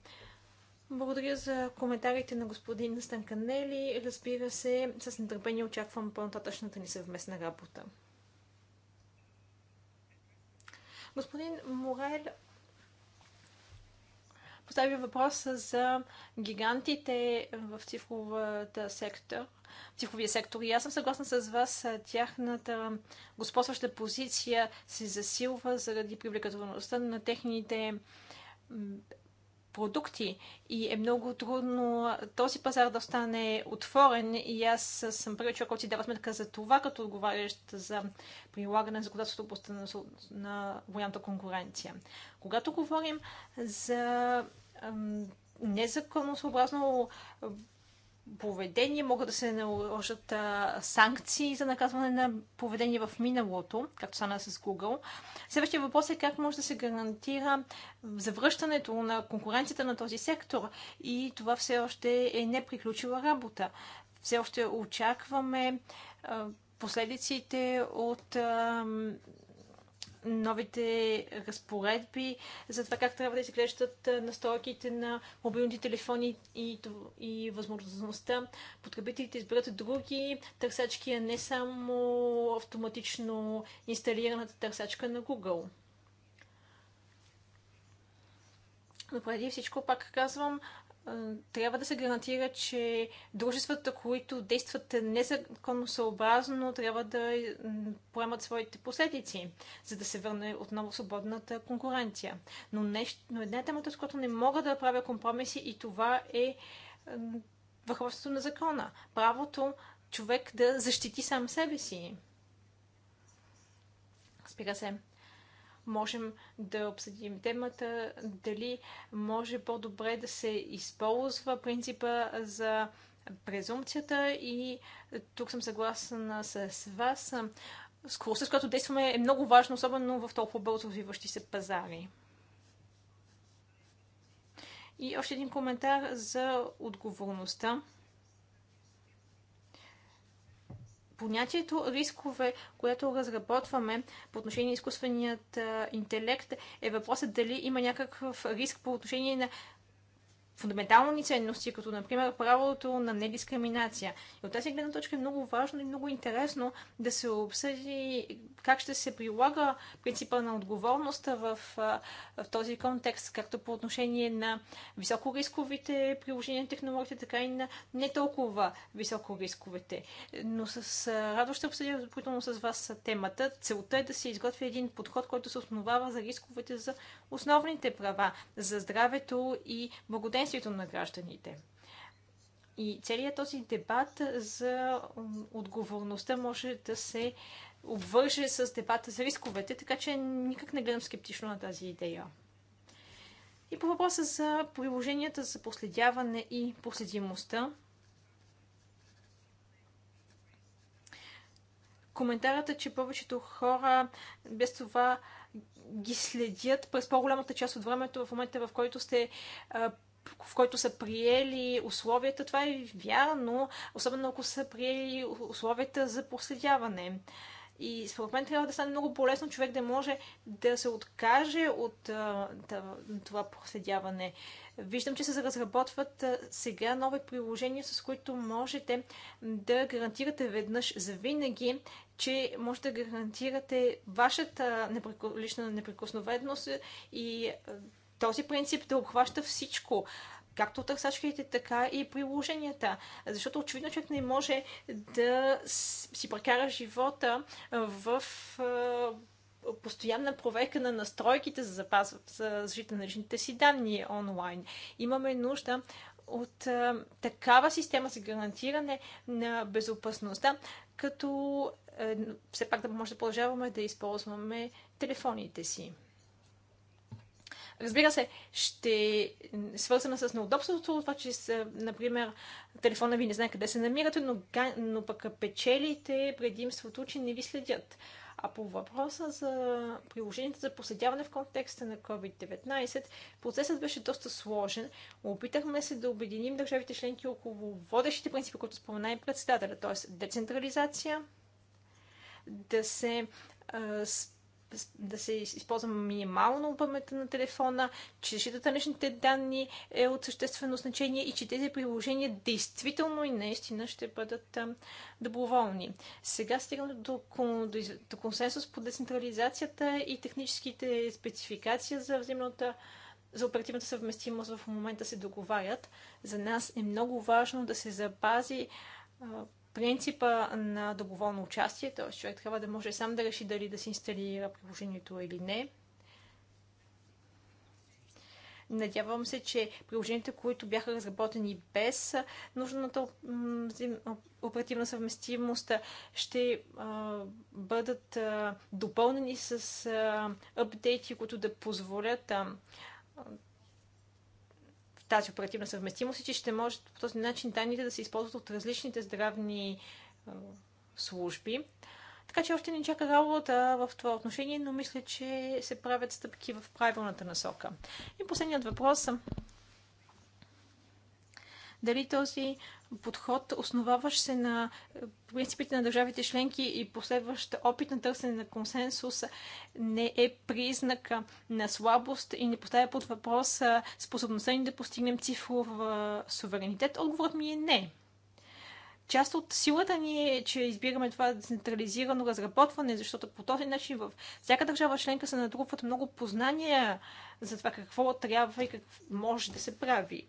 Благодаря за коментарите на господин Станканели. Разбира се, с нетърпение очаквам по-нататъчната ни съвместна работа. Господин Морайл, постави въпроса за гигантите в цифровата сектор, цифровия сектор. И аз съм съгласна с вас, тяхната господстваща позиция се засилва заради привлекателността на техните продукти и е много трудно този пазар да остане отворен и аз съм първият човек, който си дава сметка за това, като отговарящ за прилагане на законодателството на голямата конкуренция. Когато говорим за незаконосъобразно поведение, могат да се наложат а, санкции за наказване на поведение в миналото, както стана с Google. Следващия въпрос е как може да се гарантира завръщането на конкуренцията на този сектор и това все още е неприключила работа. Все още очакваме а, последиците от а, новите разпоредби за това как трябва да изглеждат настройките на мобилните телефони и, и възможността потребителите изберат други търсачки, а не само автоматично инсталираната търсачка на Google. Но преди всичко, пак казвам, трябва да се гарантира, че дружествата, които действат незаконосъобразно, трябва да поемат своите последици, за да се върне отново свободната конкуренция. Но, нещо, но една е темата, с която не мога да правя компромиси и това е върховството на закона. Правото човек да защити сам себе си. Спира се можем да обсъдим темата, дали може по-добре да се използва принципа за презумпцията и тук съм съгласна с вас. Скоростта, с която действаме, е много важно, особено в толкова бързо развиващи се пазари. И още един коментар за отговорността. понятието рискове, което разработваме по отношение на изкуственият интелект, е въпросът дали има някакъв риск по отношение на фундаментални ценности, като например правото на недискриминация. И от тази гледна точка е много важно и много интересно да се обсъди как ще се прилага принципа на отговорността в, в този контекст, както по отношение на високорисковите приложения на технологията, така и на не толкова високорисковите. Но с радост ще обсъдя допълнително с вас темата. Целта е да се изготви един подход, който се основава за рисковете за основните права, за здравето и благоденствието спокойствието на гражданите. И целият този дебат за отговорността може да се обвърже с дебата за рисковете, така че никак не гледам скептично на тази идея. И по въпроса за приложенията за последяване и последимостта. коментарът е, че повечето хора без това ги следят през по-голямата част от времето, в момента в който сте в който са приели условията, това е вярно, особено ако са приели условията за проследяване. И според мен трябва да стане много по-лесно човек да може да се откаже от да, това проследяване. Виждам, че се разработват сега нови приложения, с които можете да гарантирате веднъж за винаги, че можете да гарантирате вашата непрекус... лична неприкосновеност и този принцип да обхваща всичко както търсачките, така и приложенията. Защото очевидно човек не може да си прекара живота в постоянна проверка на настройките за, запазват за защита на личните си данни онлайн. Имаме нужда от а, такава система за гарантиране на безопасността, като а, е, все пак да може да продължаваме да използваме телефоните си. Разбира се, ще свързана с неудобството, това, че, са, например, телефона ви не знае къде се намирате, но, но пък печелите предимството, че не ви следят. А по въпроса за приложенията за проследяване в контекста на COVID-19, процесът беше доста сложен. Опитахме се да обединим държавите членки около водещите принципи, които спомена и председателя, т.е. децентрализация, да се а, да се използва минимално паметта на телефона, че защитата на личните данни е от съществено значение и че тези приложения действително и наистина ще бъдат доброволни. Сега стигна до, до, до консенсус по децентрализацията и техническите спецификации за взаимната за оперативната съвместимост в момента се договарят. За нас е много важно да се запази а, принципа на доброволно участие, т.е. човек трябва да може сам да реши дали да се инсталира приложението или не. Надявам се, че приложенията, които бяха разработени без нужната оперативна съвместимост, ще а, бъдат а, допълнени с апдейти, които да позволят а, тази оперативна съвместимост и че ще може по този начин данните да се използват от различните здравни служби. Така че още не чака работа в това отношение, но мисля, че се правят стъпки в правилната насока. И последният въпрос дали този подход, основаващ се на принципите на държавите членки и последващ опит на търсене на консенсус, не е признак на слабост и не поставя под въпрос способността ни да постигнем цифров суверенитет? Отговорът ми е не. Част от силата ни е, че избираме това децентрализирано разработване, защото по този начин в всяка държава членка се натрупват много познания за това какво трябва и какво може да се прави.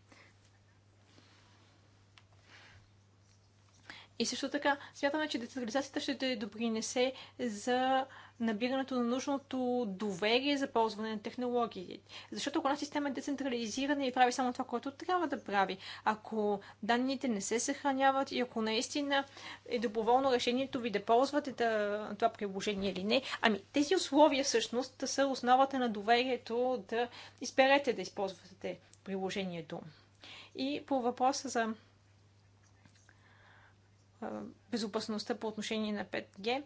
И също така, смятаме, че децентрализацията ще допринесе за набирането на нужното доверие за ползване на технологии. Защото ако една система е децентрализирана и прави само това, което трябва да прави, ако данните не се съхраняват и ако наистина е доброволно решението ви да ползвате да, това приложение или не, ами тези условия всъщност са основата на доверието да изберете да използвате приложението. И по въпроса за безопасността по отношение на 5G.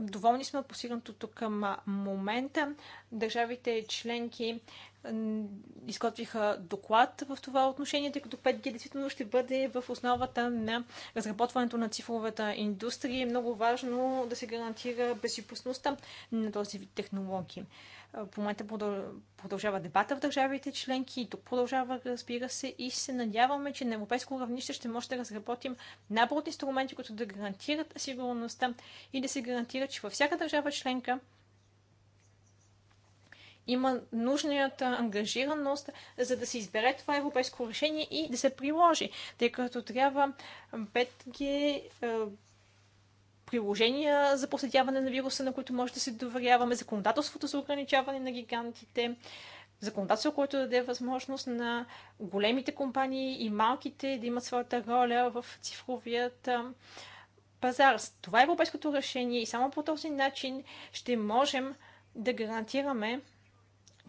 Доволни сме от постигнатото към момента. Държавите членки изготвиха доклад в това отношение, тъй като 5G действително ще бъде в основата на разработването на цифровата индустрия. много важно да се гарантира безопасността на този вид технологии. В момента продължава дебата в държавите членки и тук продължава, разбира се, и се надяваме, че на европейско равнище ще може да разработим набор от инструменти, които да гарантират сигурността и да се гарантира, че във всяка държава членка има нужната ангажираност, за да се избере това европейско решение и да се приложи, тъй като трябва 5G приложения за проследяване на вируса, на които може да се доверяваме, законодателството за ограничаване на гигантите, законодателство, което даде възможност на големите компании и малките да имат своята роля в цифровият пазар. Това е европейското решение и само по този начин ще можем да гарантираме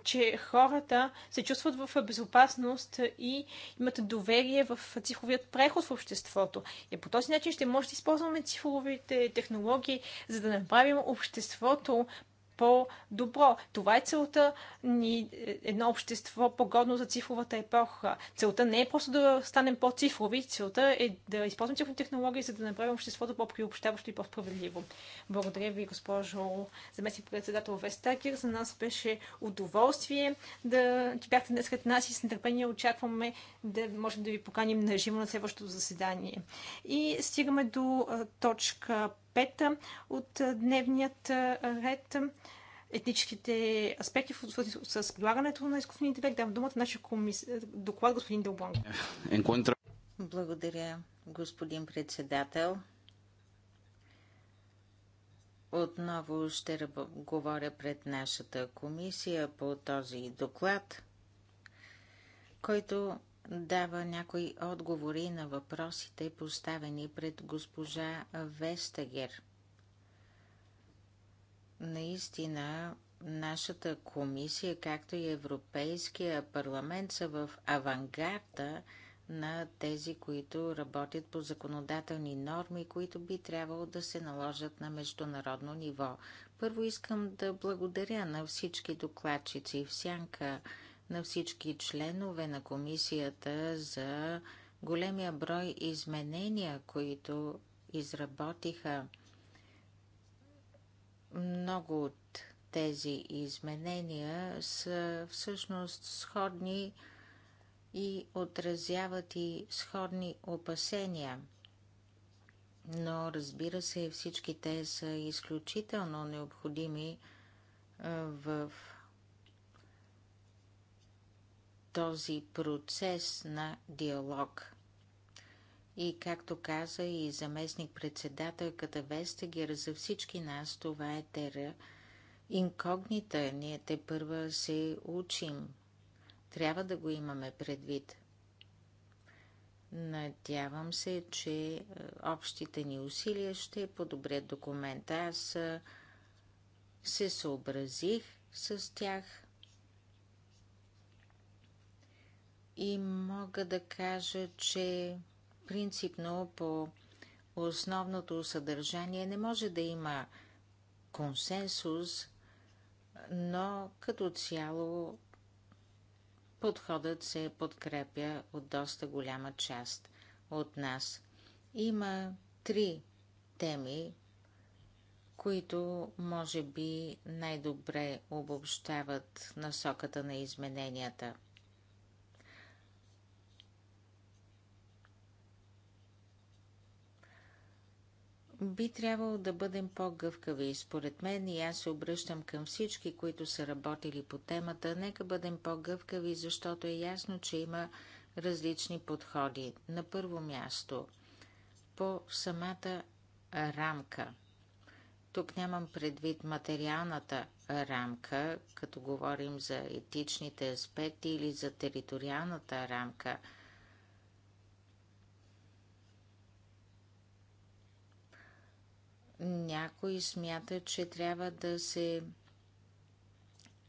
че хората се чувстват в безопасност и имат доверие в цифровият преход в обществото. И по този начин ще може да използваме цифровите технологии, за да направим обществото по-добро. Това е целта ни е, едно общество погодно за цифровата епоха. Целта не е просто да станем по-цифрови, целта е да използваме цифрови технологии, за да направим обществото по-приобщаващо и по-справедливо. Благодаря ви, госпожо заместник председател Вестакер. За нас беше удоволствие да ти бяхте днес като нас и с нетърпение очакваме да можем да ви поканим на живо на следващото заседание. И стигаме до точка 5 от дневният ред етническите аспекти с предлагането на изкуствения интелект. Дам думата нашия комис... доклад господин Дълбон. Е, Благодаря, господин председател. Отново ще говоря пред нашата комисия по този доклад, който дава някои отговори на въпросите, поставени пред госпожа Вестагер. Наистина, нашата комисия, както и Европейския парламент са в авангарда на тези, които работят по законодателни норми, които би трябвало да се наложат на международно ниво. Първо искам да благодаря на всички докладчици в Сянка, на всички членове на комисията за големия брой изменения, които изработиха. Много от тези изменения са всъщност сходни и отразяват и сходни опасения. Но разбира се, всички те са изключително необходими в този процес на диалог. И както каза и заместник председателката Вестегер, за всички нас това е тера инкогнита. Ние те първа се учим. Трябва да го имаме предвид. Надявам се, че е, общите ни усилия ще подобрят документа. Аз е, се съобразих с тях И мога да кажа, че принципно по основното съдържание не може да има консенсус, но като цяло подходът се подкрепя от доста голяма част от нас. Има три теми, които може би най-добре обобщават насоката на измененията – Би трябвало да бъдем по-гъвкави. Според мен и аз се обръщам към всички, които са работили по темата. Нека бъдем по-гъвкави, защото е ясно, че има различни подходи. На първо място, по самата рамка. Тук нямам предвид материалната рамка, като говорим за етичните аспекти или за териториалната рамка – Някои смятат, че трябва да се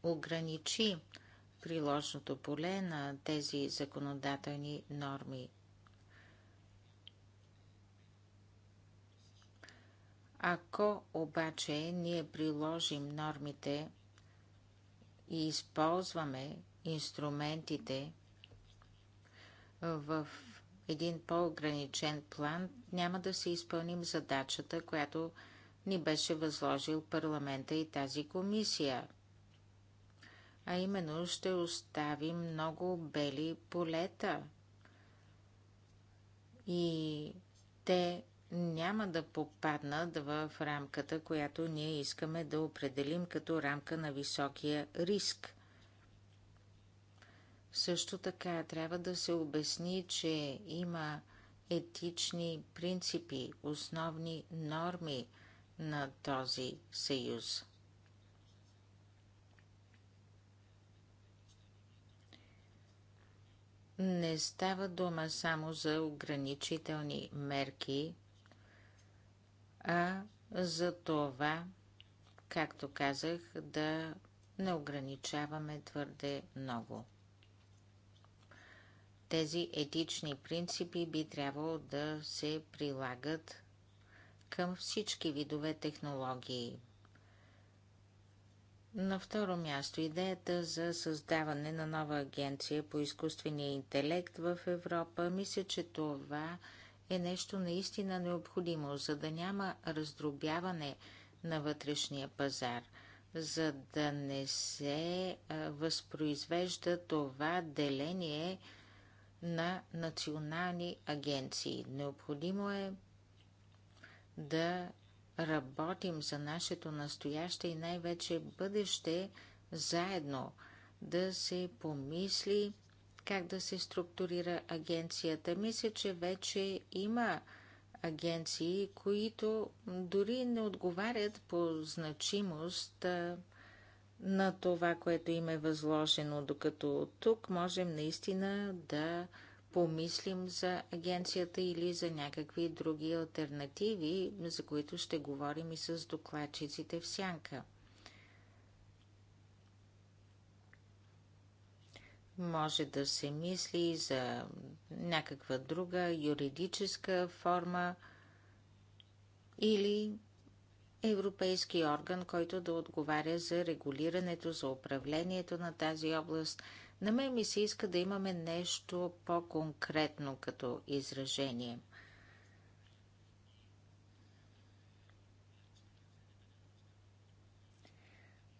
ограничи приложното поле на тези законодателни норми. Ако обаче ние приложим нормите и използваме инструментите в един по-ограничен план, няма да се изпълним задачата, която ни беше възложил парламента и тази комисия. А именно ще оставим много бели полета. И те няма да попаднат в рамката, която ние искаме да определим като рамка на високия риск. Също така трябва да се обясни, че има етични принципи, основни норми на този съюз. Не става дума само за ограничителни мерки, а за това, както казах, да не ограничаваме твърде много. Тези етични принципи би трябвало да се прилагат към всички видове технологии. На второ място идеята за създаване на нова агенция по изкуствения интелект в Европа. Мисля, че това е нещо наистина необходимо, за да няма раздробяване на вътрешния пазар, за да не се възпроизвежда това деление – на национални агенции. Необходимо е да работим за нашето настояще и най-вече бъдеще заедно, да се помисли как да се структурира агенцията. Мисля, че вече има агенции, които дори не отговарят по значимост на това, което им е възложено, докато тук можем наистина да помислим за агенцията или за някакви други альтернативи, за които ще говорим и с докладчиците в сянка. Може да се мисли за някаква друга юридическа форма или европейски орган, който да отговаря за регулирането, за управлението на тази област. На мен ми се иска да имаме нещо по-конкретно като изражение.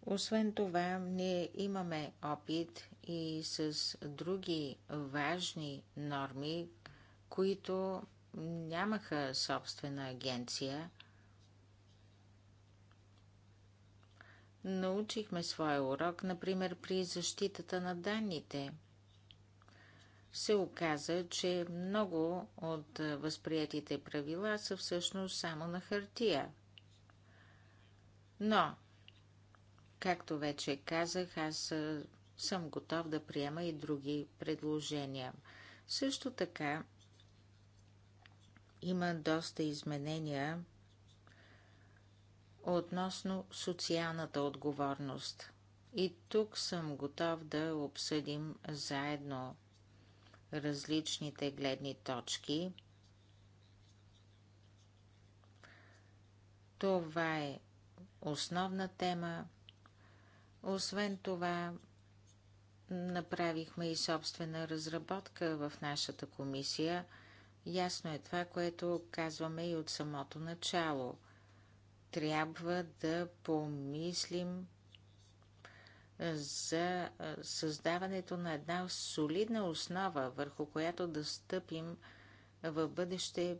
Освен това, ние имаме опит и с други важни норми, които нямаха собствена агенция – Научихме своя урок, например при защитата на данните. Се оказа, че много от възприятите правила са всъщност само на хартия. Но, както вече казах, аз съм готов да приема и други предложения. Също така има доста изменения относно социалната отговорност. И тук съм готов да обсъдим заедно различните гледни точки. Това е основна тема. Освен това, направихме и собствена разработка в нашата комисия. Ясно е това, което казваме и от самото начало – трябва да помислим за създаването на една солидна основа, върху която да стъпим в бъдеще,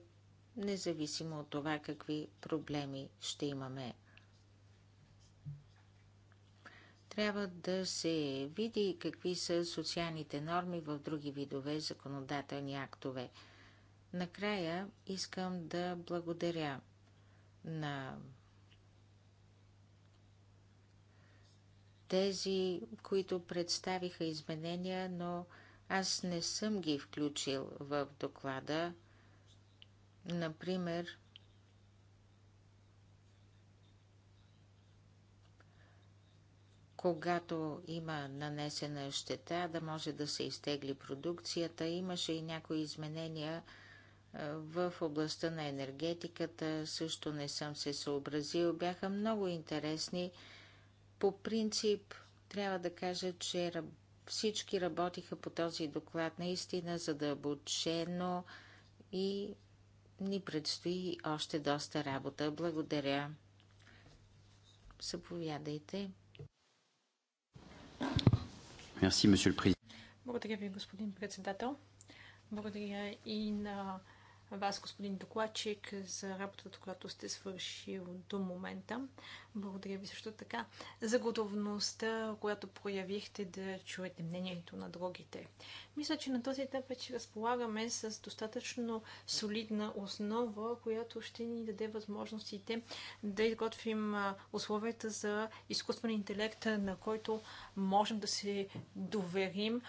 независимо от това какви проблеми ще имаме. Трябва да се види какви са социалните норми в други видове законодателни актове. Накрая искам да благодаря на тези, които представиха изменения, но аз не съм ги включил в доклада. Например, когато има нанесена щета, да може да се изтегли продукцията. Имаше и някои изменения в областта на енергетиката. Също не съм се съобразил. Бяха много интересни. По принцип, трябва да кажа, че всички работиха по този доклад наистина задълбочено и ни предстои още доста работа. Благодаря. Съповядайте. Благодаря ви, господин председател. Благодаря и на вас, господин докладчик, за работата, която сте свършил до момента. Благодаря ви също така за готовността, която проявихте да чуете мнението на другите. Мисля, че на този етап вече разполагаме с достатъчно солидна основа, която ще ни даде възможностите да изготвим условията за изкуствен интелект, на който можем да се доверим,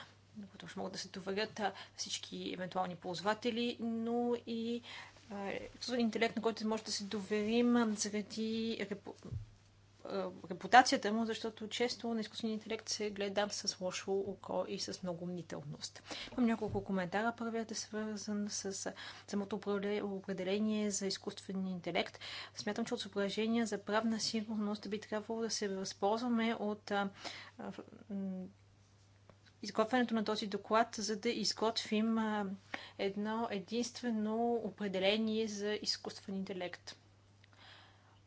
които ще могат да се доверят всички евентуални ползватели, но и интелект, на който може да се доверим заради репутацията му, защото често на изкуствения интелект се гледа с лошо око и с много мнителност. Имам няколко коментара. Първият е свързан с самото определение за изкуствен интелект. Смятам, че от съображения за правна сигурност би трябвало да се възползваме от изготвянето на този доклад, за да изготвим едно единствено определение за изкуствен интелект.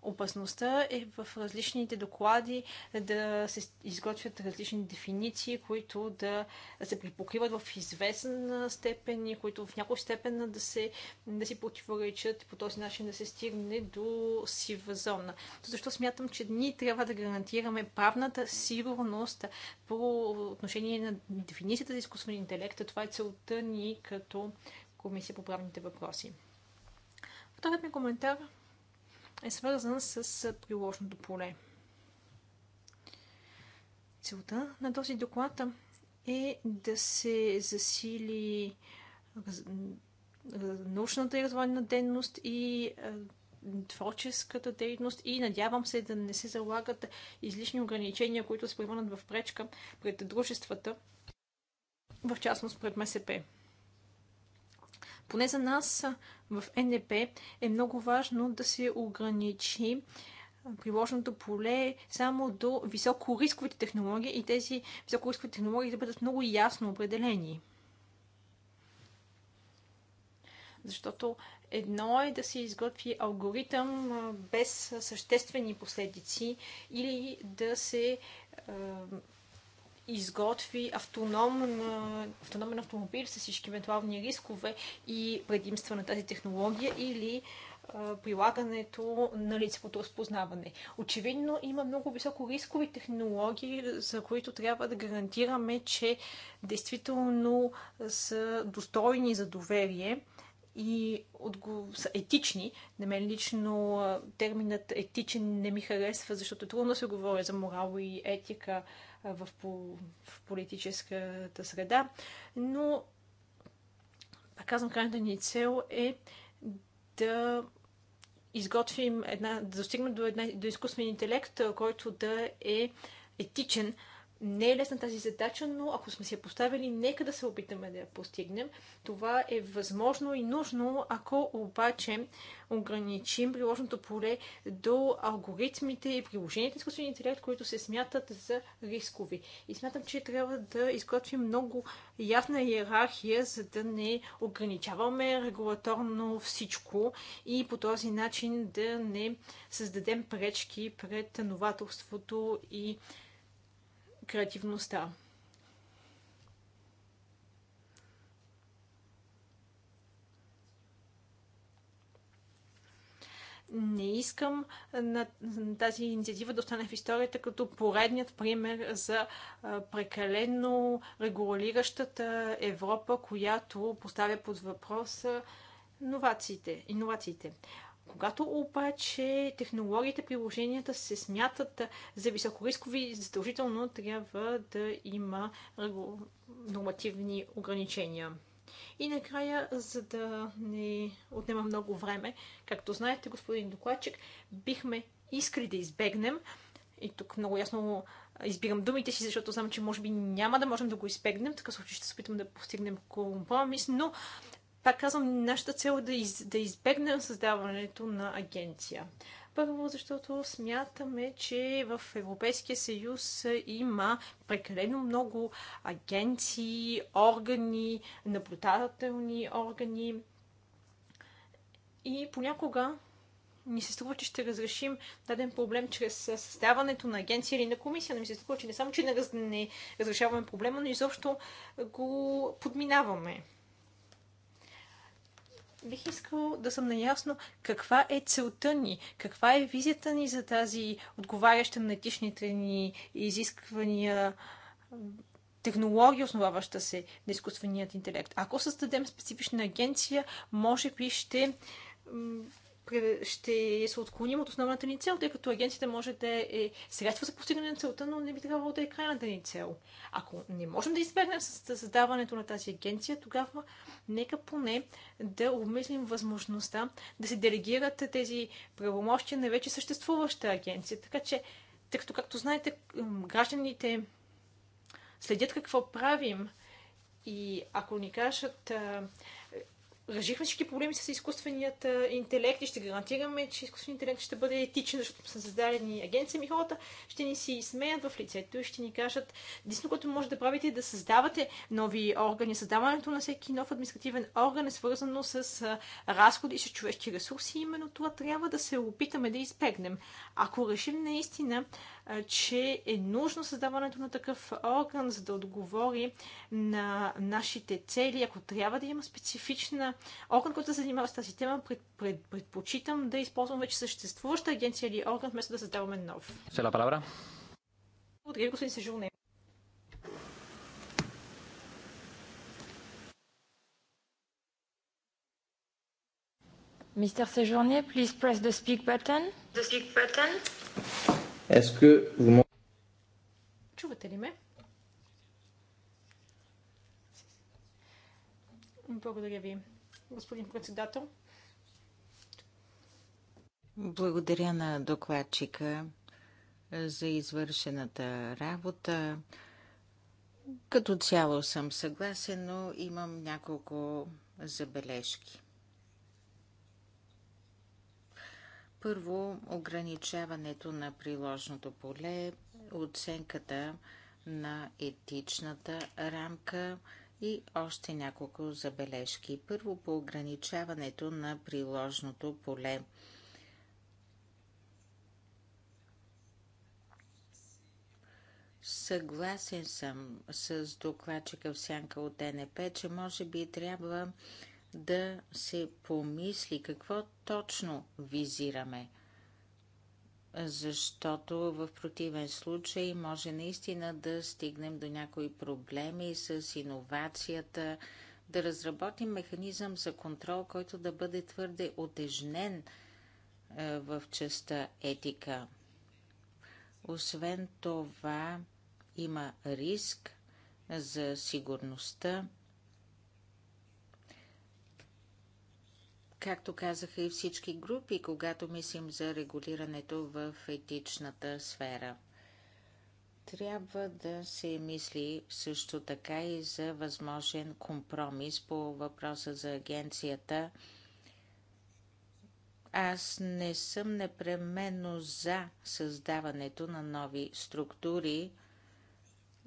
Опасността е в различните доклади да се изготвят различни дефиниции, които да се припокриват в известна степен и които в някоя степен да, се, да си противоречат и по този начин да се стигне до сива зона. Защо смятам, че ние трябва да гарантираме правната сигурност по отношение на дефиницията за изкуствен интелект. Това е целта ни като Комисия по правните въпроси. Вторият ми коментар е свързан с приложното поле. Целта на този доклад е да се засили научната и развойна дейност и творческата дейност и надявам се да не се залагат излишни ограничения, които се превърнат в пречка пред дружествата, в частност пред МСП. Поне за нас в НДП е много важно да се ограничи приложеното поле само до високорисковите технологии и тези високорискови технологии да бъдат много ясно определени. Защото едно е да се изготви алгоритъм без съществени последици или да се изготви автономен, автономен автомобил с всички евентуални рискове и предимства на тази технология или прилагането на лицевото разпознаване. Очевидно има много високо рискови технологии, за които трябва да гарантираме, че действително са достойни за доверие и са етични. На мен лично терминът етичен не ми харесва, защото трудно се говори за морал и етика в, в политическата среда, но, пак казвам, крайната ни цел е да изготвим една, да достигнем до, една, до изкуствен интелект, който да е етичен, не е лесна тази задача, но ако сме си я поставили, нека да се опитаме да я постигнем. Това е възможно и нужно, ако обаче ограничим приложното поле до алгоритмите и приложенията изкуствен интелект, които се смятат за рискови. И смятам, че трябва да изготвим много ясна иерархия, за да не ограничаваме регулаторно всичко и по този начин да не създадем пречки пред новаторството и креативността. не искам на тази инициатива да остане в историята като поредният пример за прекалено регулиращата Европа, която поставя под въпрос иновациите. Когато обаче технологиите, приложенията се смятат за високорискови, задължително трябва да има нормативни ограничения. И накрая, за да не отнема много време, както знаете, господин докладчик, бихме искали да избегнем, и тук много ясно избирам думите си, защото знам, че може би няма да можем да го избегнем, така случай ще се опитам да постигнем компромис, но пак казвам, нашата цел е да, из, да избегнем създаването на агенция. Първо, защото смятаме, че в Европейския съюз има прекалено много агенции, органи, наблюдателни органи. И понякога ни се струва, че ще разрешим даден проблем чрез създаването на агенция или на комисия, но ми се струва, че не само, че не, раз, не разрешаваме проблема, но изобщо го подминаваме бих искал да съм наясно каква е целта ни, каква е визията ни за тази отговаряща на етичните ни изисквания технология, основаваща се на изкуственият интелект. Ако създадем специфична агенция, може би ще ще е се отклоним от основната ни цел, тъй като агенцията може да е средство за постигане на целта, но не би трябвало да е крайната ни цел. Ако не можем да избегнем създаването на тази агенция, тогава нека поне да обмислим възможността да се делегират тези правомощия на вече съществуваща агенция. Така че, тъй като, както знаете, гражданите следят какво правим и ако ни кажат решихме всички проблеми с изкуственият интелект и ще гарантираме, че изкуственият интелект ще бъде етичен, защото са създадени агенция ми хората, ще ни си смеят в лицето и ще ни кажат, единствено, което може да правите е да създавате нови органи. Създаването на всеки нов административен орган е свързано с разходи и с човешки ресурси. Именно това трябва да се опитаме да избегнем. Ако решим наистина че е нужно създаването на такъв орган, за да отговори на нашите цели. Ако трябва да има специфична орган, който се занимава с тази тема, пред, пред, предпочитам да използвам вече съществуваща агенция или орган, вместо да създаваме нов. Сега палабра. Благодаря, господин Сежурне. Mr. Sejourné, please press the speak button. The speak button. Est-ce que vous Чувате ли ме? Благодаря ви, господин председател. Благодаря на докладчика за извършената работа. Като цяло съм съгласен, но имам няколко забележки. Първо, ограничаването на приложното поле, оценката на етичната рамка и още няколко забележки. Първо, по ограничаването на приложното поле. Съгласен съм с докладчика в сянка от НП, че може би трябва да се помисли какво точно визираме. Защото в противен случай може наистина да стигнем до някои проблеми с иновацията, да разработим механизъм за контрол, който да бъде твърде отежнен е, в частта етика. Освен това, има риск за сигурността Както казаха и всички групи, когато мислим за регулирането в етичната сфера трябва да се мисли също така и за възможен компромис по въпроса за агенцията. Аз не съм непременно за създаването на нови структури,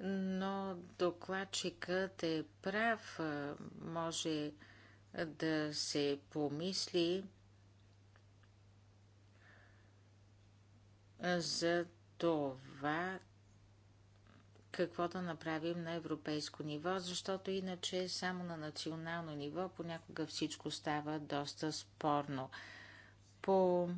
но докладчикът е прав. Може да се помисли за това какво да направим на европейско ниво, защото иначе само на национално ниво понякога всичко става доста спорно. По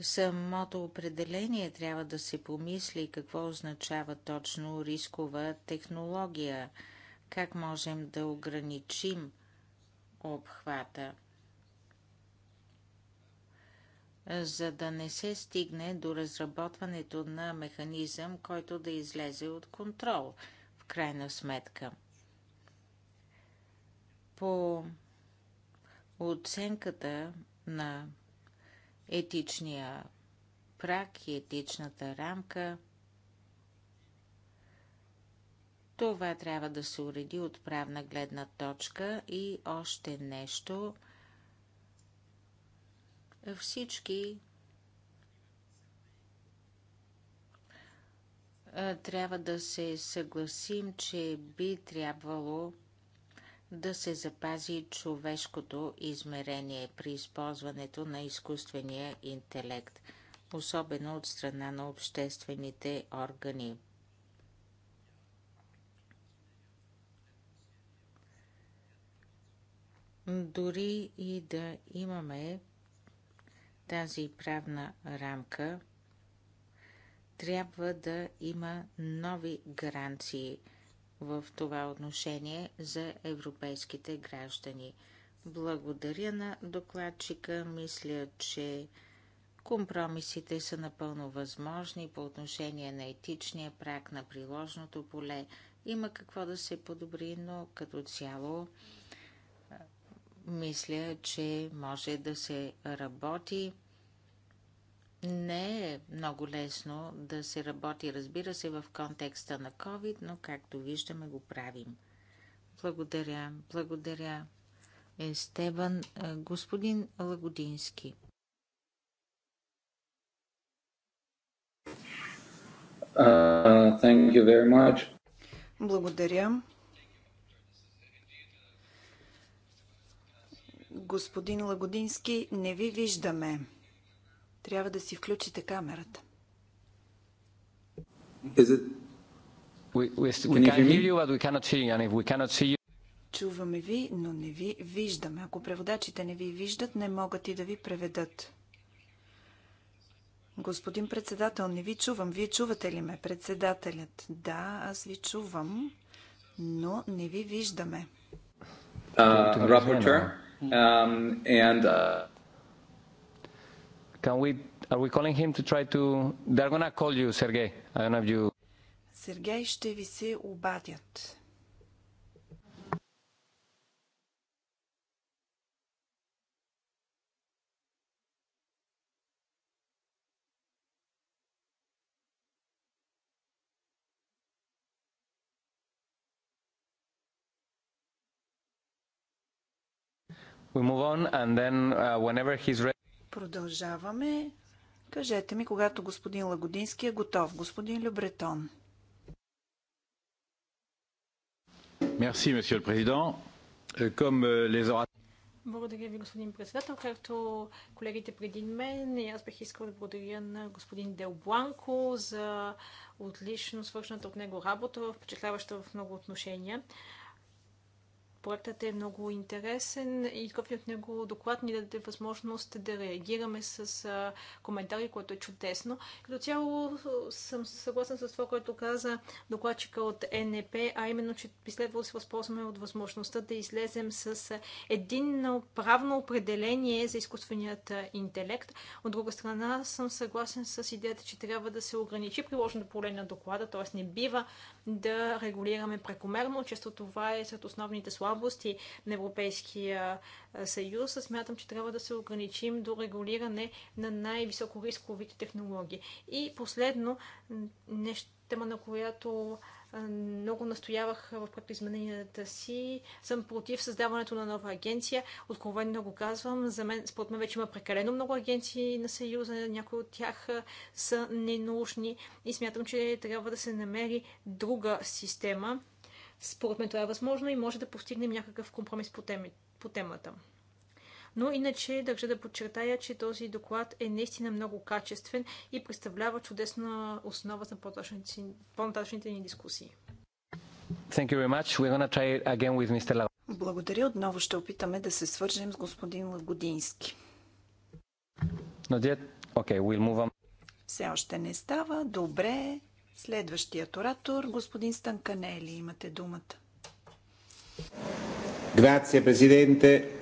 самото определение трябва да се помисли какво означава точно рискова технология – как можем да ограничим обхвата, за да не се стигне до разработването на механизъм, който да излезе от контрол, в крайна сметка. По оценката на етичния прак и етичната рамка – това трябва да се уреди от правна гледна точка и още нещо. Всички трябва да се съгласим, че би трябвало да се запази човешкото измерение при използването на изкуствения интелект, особено от страна на обществените органи. Дори и да имаме тази правна рамка, трябва да има нови гаранции в това отношение за европейските граждани. Благодаря на докладчика. Мисля, че компромисите са напълно възможни по отношение на етичния прак на приложното поле. Има какво да се подобри, но като цяло мисля, че може да се работи. Не е много лесно да се работи, разбира се, в контекста на COVID, но както виждаме, го правим. Благодаря, благодаря. Естебан, е, господин Лагодински. Uh, Благодаря. Господин Лагодински, не ви виждаме. Трябва да си включите камерата. Чуваме ви, но не ви виждаме. Ако преводачите не ви виждат, не могат и да ви преведат. Господин председател, не ви чувам. Вие чувате ли ме, председателят? Да, аз ви чувам, но не ви виждаме. Uh, Um, and uh, can we? Are we calling him to try to? They're gonna call you, Sergey. I don't know if you. sergey ще ви се обадят. Uh, Продължаваме. Кажете ми, когато господин Лагодински е готов. Господин Любретон. Мерси, monsieur президент. Euh, euh, благодаря ви, господин председател. Както колегите преди мен, аз бих искал да благодаря на господин Дел Бланко за отлично свършната от него работа, впечатляваща в много отношения. Проектът е много интересен и изготвен от него доклад ни даде възможност да реагираме с коментари, което е чудесно. Като цяло съм съгласен с това, което каза докладчика от НЕП, а именно, че би следвало да се възползваме от възможността да излезем с един правно определение за изкуственият интелект. От друга страна съм съгласен с идеята, че трябва да се ограничи приложното поле на доклада, т.е. не бива да регулираме прекомерно. Често това е сред основните слаби области на Европейския съюз, смятам, че трябва да се ограничим до регулиране на най-високо рисковите технологии. И последно, нещо, тема на която много настоявах в измененията си. Съм против създаването на нова агенция. Откровенно го казвам. За мен, според мен, вече има прекалено много агенции на Съюза. Някои от тях са ненужни и смятам, че трябва да се намери друга система според мен това е възможно и може да постигнем някакъв компромис по, теми, по темата. Но иначе държа да подчертая, че този доклад е наистина много качествен и представлява чудесна основа за по-нататъчните ни дискусии. Thank you very much. We're gonna try again with Mr. Благодаря. Отново ще опитаме да се свържем с господин Лагодински. yet? Okay, we'll move on. Все още не става. Добре. Следващият оратор, господин Станканели, имате думата. Грация, президенте.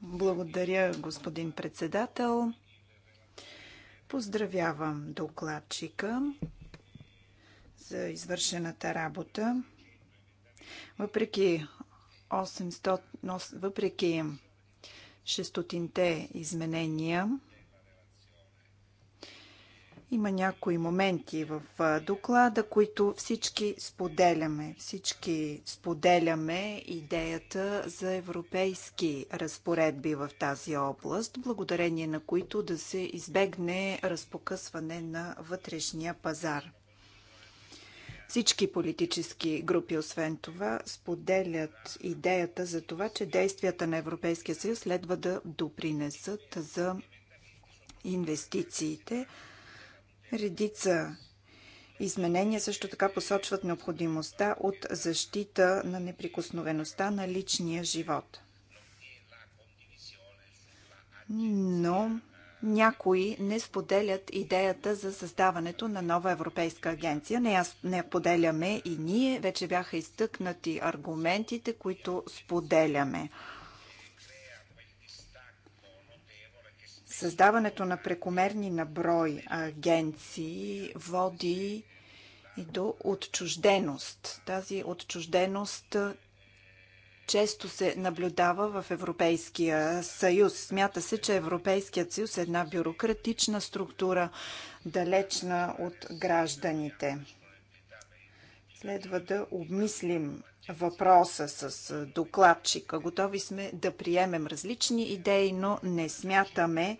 Благодаря, господин председател. Поздравявам докладчика за извършената работа. Въпреки 800, въпреки 600-те изменения, има някои моменти в доклада, които всички споделяме. Всички споделяме идеята за европейски разпоредби в тази област, благодарение на които да се избегне разпокъсване на вътрешния пазар. Всички политически групи, освен това, споделят идеята за това, че действията на Европейския съюз следва да допринесат за инвестициите, Редица изменения също така посочват необходимостта от защита на неприкосновеността на личния живот. Но някои не споделят идеята за създаването на нова европейска агенция. Не я, не поделяме и ние. Вече бяха изтъкнати аргументите, които споделяме. Създаването на прекомерни наброй агенции води и до отчужденост. Тази отчужденост често се наблюдава в Европейския съюз. Смята се, че Европейският съюз е една бюрократична структура, далечна от гражданите. Следва да обмислим въпроса с докладчика. Готови сме да приемем различни идеи, но не смятаме,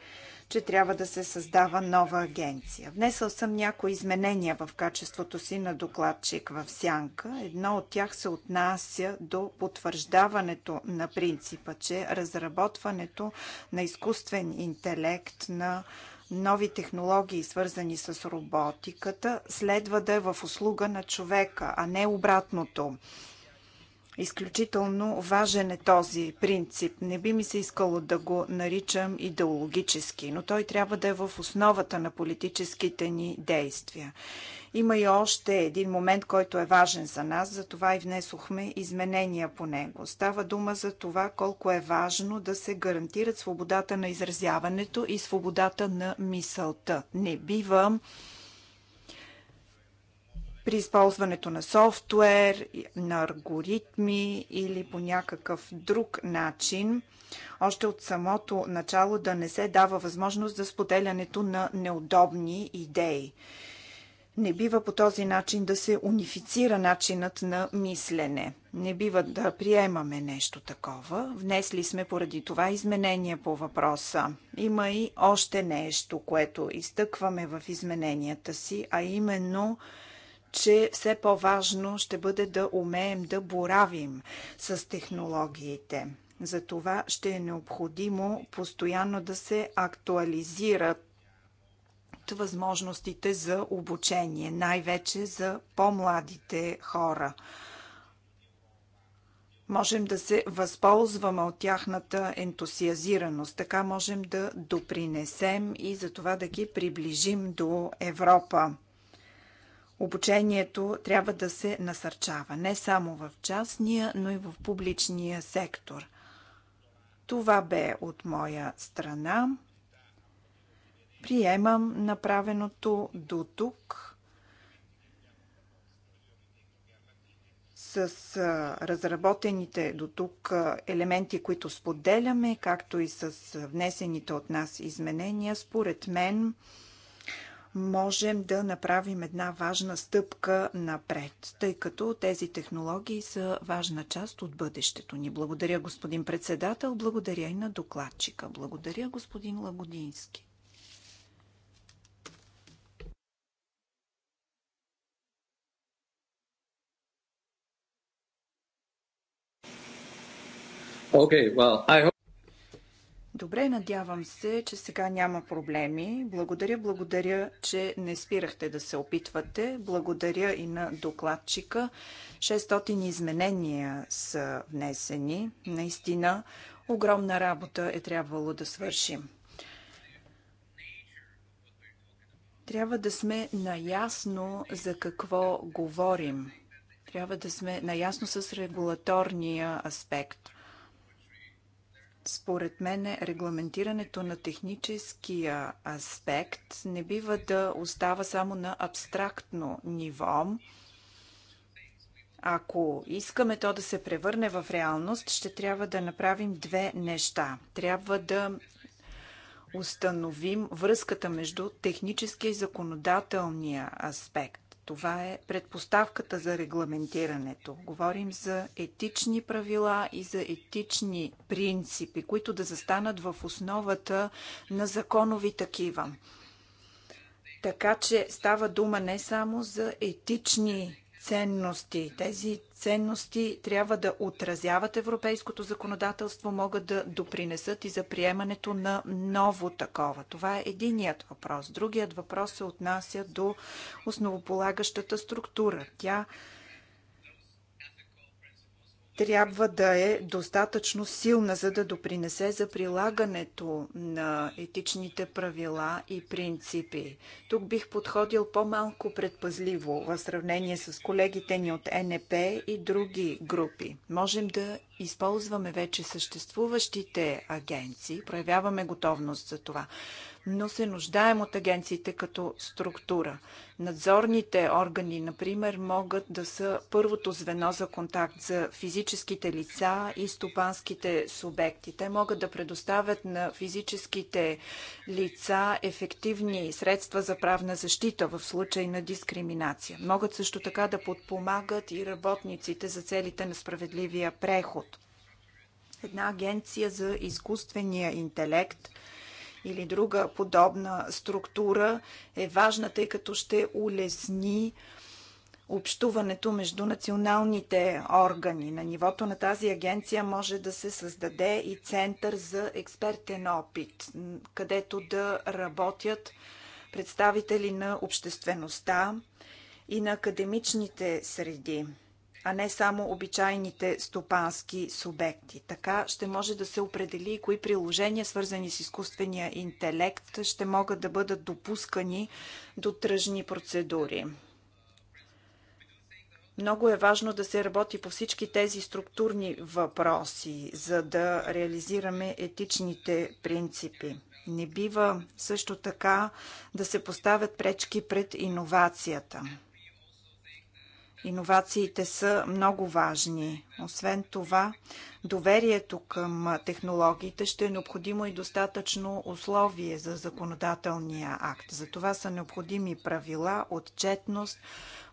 че трябва да се създава нова агенция. Внесъл съм някои изменения в качеството си на докладчик в Сянка. Едно от тях се отнася до потвърждаването на принципа, че разработването на изкуствен интелект на нови технологии, свързани с роботиката, следва да е в услуга на човека, а не обратното. Изключително важен е този принцип. Не би ми се искало да го наричам идеологически, но той трябва да е в основата на политическите ни действия. Има и още един момент, който е важен за нас, затова и внесохме изменения по него. Става дума за това колко е важно да се гарантират свободата на изразяването и свободата на мисълта. Не бива при използването на софтуер, на алгоритми или по някакъв друг начин, още от самото начало да не се дава възможност за споделянето на неудобни идеи. Не бива по този начин да се унифицира начинът на мислене. Не бива да приемаме нещо такова. Внесли сме поради това изменения по въпроса. Има и още нещо, което изтъкваме в измененията си, а именно – че все по-важно ще бъде да умеем да боравим с технологиите. Затова ще е необходимо постоянно да се актуализират възможностите за обучение, най-вече за по-младите хора. Можем да се възползваме от тяхната ентусиазираност. Така можем да допринесем и за това да ги приближим до Европа обучението трябва да се насърчава не само в частния, но и в публичния сектор. Това бе от моя страна. Приемам направеното до тук. с разработените до тук елементи, които споделяме, както и с внесените от нас изменения, според мен можем да направим една важна стъпка напред, тъй като тези технологии са важна част от бъдещето ни. Благодаря, господин председател, благодаря и на докладчика. Благодаря, господин Лагодински. Okay, well, I hope Добре, надявам се, че сега няма проблеми. Благодаря, благодаря, че не спирахте да се опитвате. Благодаря и на докладчика. 600 изменения са внесени. Наистина, огромна работа е трябвало да свършим. Трябва да сме наясно за какво говорим. Трябва да сме наясно с регулаторния аспект. Според мен регламентирането на техническия аспект не бива да остава само на абстрактно ниво. Ако искаме то да се превърне в реалност, ще трябва да направим две неща. Трябва да установим връзката между техническия и законодателния аспект. Това е предпоставката за регламентирането. Говорим за етични правила и за етични принципи, които да застанат в основата на законови такива. Така че става дума не само за етични ценности. Тези ценности трябва да отразяват европейското законодателство, могат да допринесат и за приемането на ново такова. Това е единият въпрос. Другият въпрос се отнася до основополагащата структура. Тя трябва да е достатъчно силна, за да допринесе за прилагането на етичните правила и принципи. Тук бих подходил по-малко предпазливо в сравнение с колегите ни от НП и други групи. Можем да използваме вече съществуващите агенции, проявяваме готовност за това, но се нуждаем от агенциите като структура. Надзорните органи, например, могат да са първото звено за контакт за физическите лица и стопанските субекти. Те могат да предоставят на физическите лица ефективни средства за правна защита в случай на дискриминация. Могат също така да подпомагат и работниците за целите на справедливия преход. Една агенция за изкуствения интелект – или друга подобна структура е важна, тъй като ще улесни общуването между националните органи. На нивото на тази агенция може да се създаде и център за експертен опит, където да работят представители на обществеността и на академичните среди а не само обичайните стопански субекти. Така ще може да се определи кои приложения, свързани с изкуствения интелект, ще могат да бъдат допускани до тръжни процедури. Много е важно да се работи по всички тези структурни въпроси, за да реализираме етичните принципи. Не бива също така да се поставят пречки пред иновацията. Иновациите са много важни. Освен това, доверието към технологиите ще е необходимо и достатъчно условие за законодателния акт. За това са необходими правила, отчетност,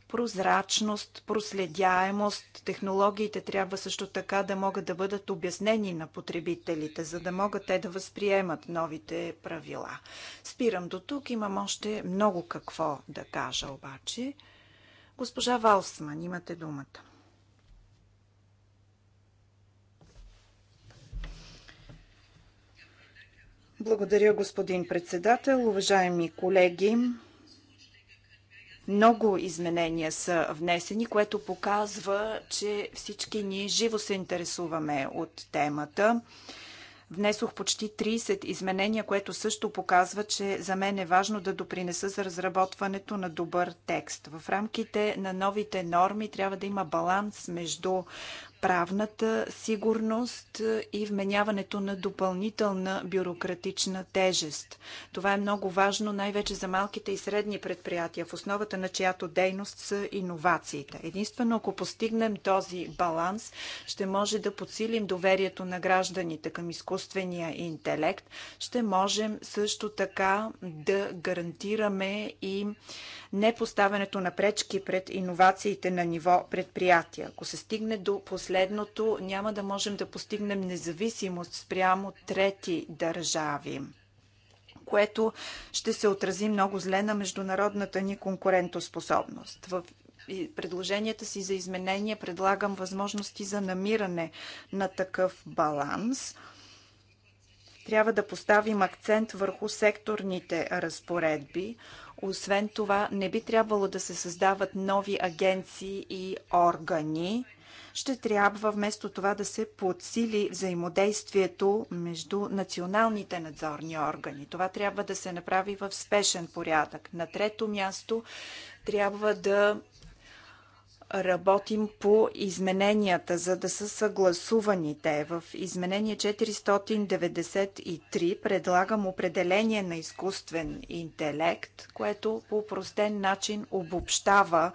прозрачност, проследяемост. Технологиите трябва също така да могат да бъдат обяснени на потребителите, за да могат те да възприемат новите правила. Спирам до тук, имам още много какво да кажа обаче. Госпожа Валсман, имате думата. Благодаря, господин председател. Уважаеми колеги, много изменения са внесени, което показва, че всички ние живо се интересуваме от темата. Внесох почти 30 изменения, което също показва, че за мен е важно да допринеса за разработването на добър текст. В рамките на новите норми трябва да има баланс между правната сигурност и вменяването на допълнителна бюрократична тежест. Това е много важно най-вече за малките и средни предприятия, в основата на чиято дейност са иновациите. Единствено, ако постигнем този баланс, ще може да подсилим доверието на гражданите към изкуствения интелект, ще можем също така да гарантираме и непоставянето на пречки пред иновациите на ниво предприятия. Ако се стигне до последствия, последното няма да можем да постигнем независимост спрямо трети държави което ще се отрази много зле на международната ни конкурентоспособност. В предложенията си за изменение предлагам възможности за намиране на такъв баланс. Трябва да поставим акцент върху секторните разпоредби. Освен това, не би трябвало да се създават нови агенции и органи ще трябва вместо това да се подсили взаимодействието между националните надзорни органи. Това трябва да се направи в спешен порядък. На трето място трябва да работим по измененията, за да са съгласувани те. В изменение 493 предлагам определение на изкуствен интелект, което по простен начин обобщава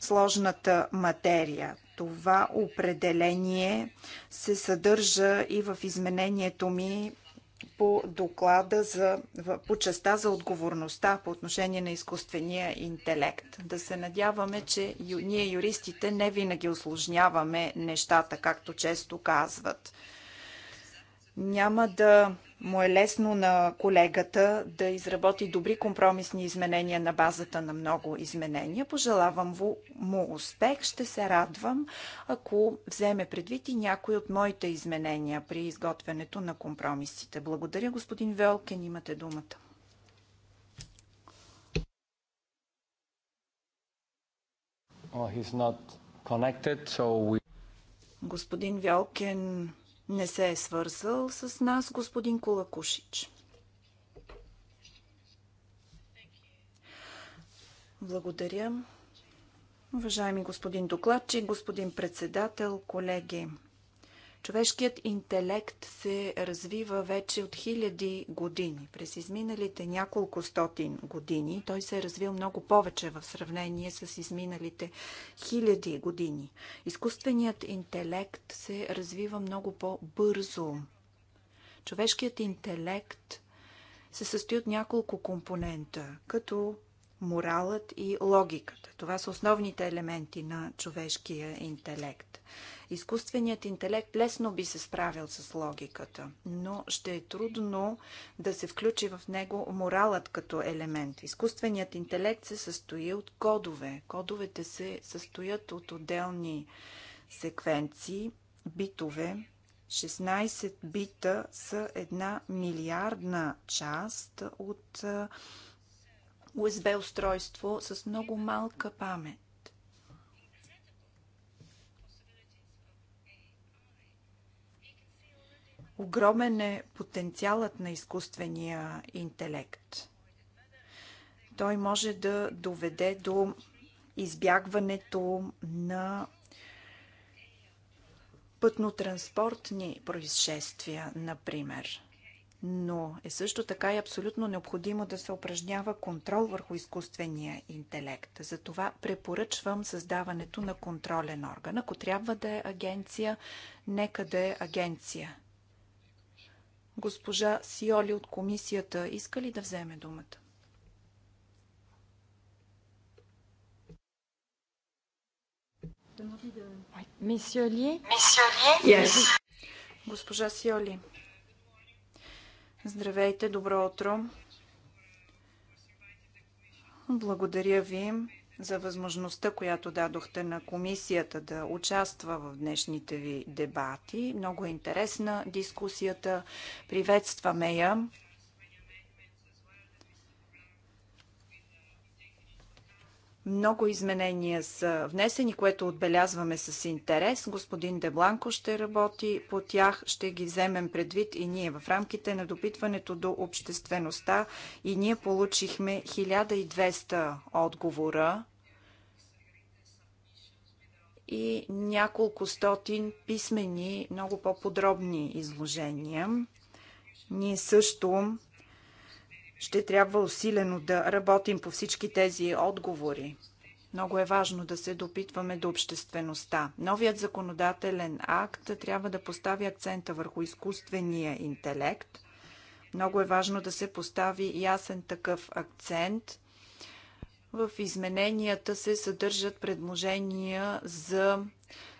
сложната материя. Това определение се съдържа и в изменението ми по доклада за, по частта за отговорността по отношение на изкуствения интелект. Да се надяваме, че ю, ние юристите не винаги осложняваме нещата, както често казват. Няма да му е лесно на колегата да изработи добри компромисни изменения на базата на много изменения. Пожелавам му успех. Ще се радвам, ако вземе предвид и някои от моите изменения при изготвянето на компромисите. Благодаря, господин Велкен. Имате думата. Well, so we... Господин Велкен не се е свързал с нас господин Колакушич. Благодаря. Уважаеми господин докладчик, господин председател, колеги. Човешкият интелект се развива вече от хиляди години. През изминалите няколко стотин години той се е развил много повече в сравнение с изминалите хиляди години. Изкуственият интелект се развива много по-бързо. Човешкият интелект се състои от няколко компонента, като моралът и логиката. Това са основните елементи на човешкия интелект. Изкуственият интелект лесно би се справил с логиката, но ще е трудно да се включи в него моралът като елемент. Изкуственият интелект се състои от кодове. Кодовете се състоят от отделни секвенции, битове. 16 бита са една милиардна част от USB устройство с много малка памет. Огромен е потенциалът на изкуствения интелект. Той може да доведе до избягването на пътно-транспортни происшествия, например но е също така и абсолютно необходимо да се упражнява контрол върху изкуствения интелект. Затова препоръчвам създаването на контролен орган. Ако трябва да е агенция, нека да е агенция. Госпожа Сиоли от комисията иска ли да вземе думата? Мисиоли. Мисиоли? Yes. Госпожа Сиоли. Здравейте, добро утро. Благодаря ви за възможността, която дадохте на комисията да участва в днешните ви дебати. Много е интересна дискусията. Приветстваме я. Много изменения са внесени, което отбелязваме с интерес. Господин Дебланко ще работи по тях, ще ги вземем предвид и ние. В рамките на допитването до обществеността и ние получихме 1200 отговора и няколко стотин писмени, много по-подробни изложения. Ние също ще трябва усилено да работим по всички тези отговори. Много е важно да се допитваме до обществеността. Новият законодателен акт трябва да постави акцента върху изкуствения интелект. Много е важно да се постави ясен такъв акцент. В измененията се съдържат предложения за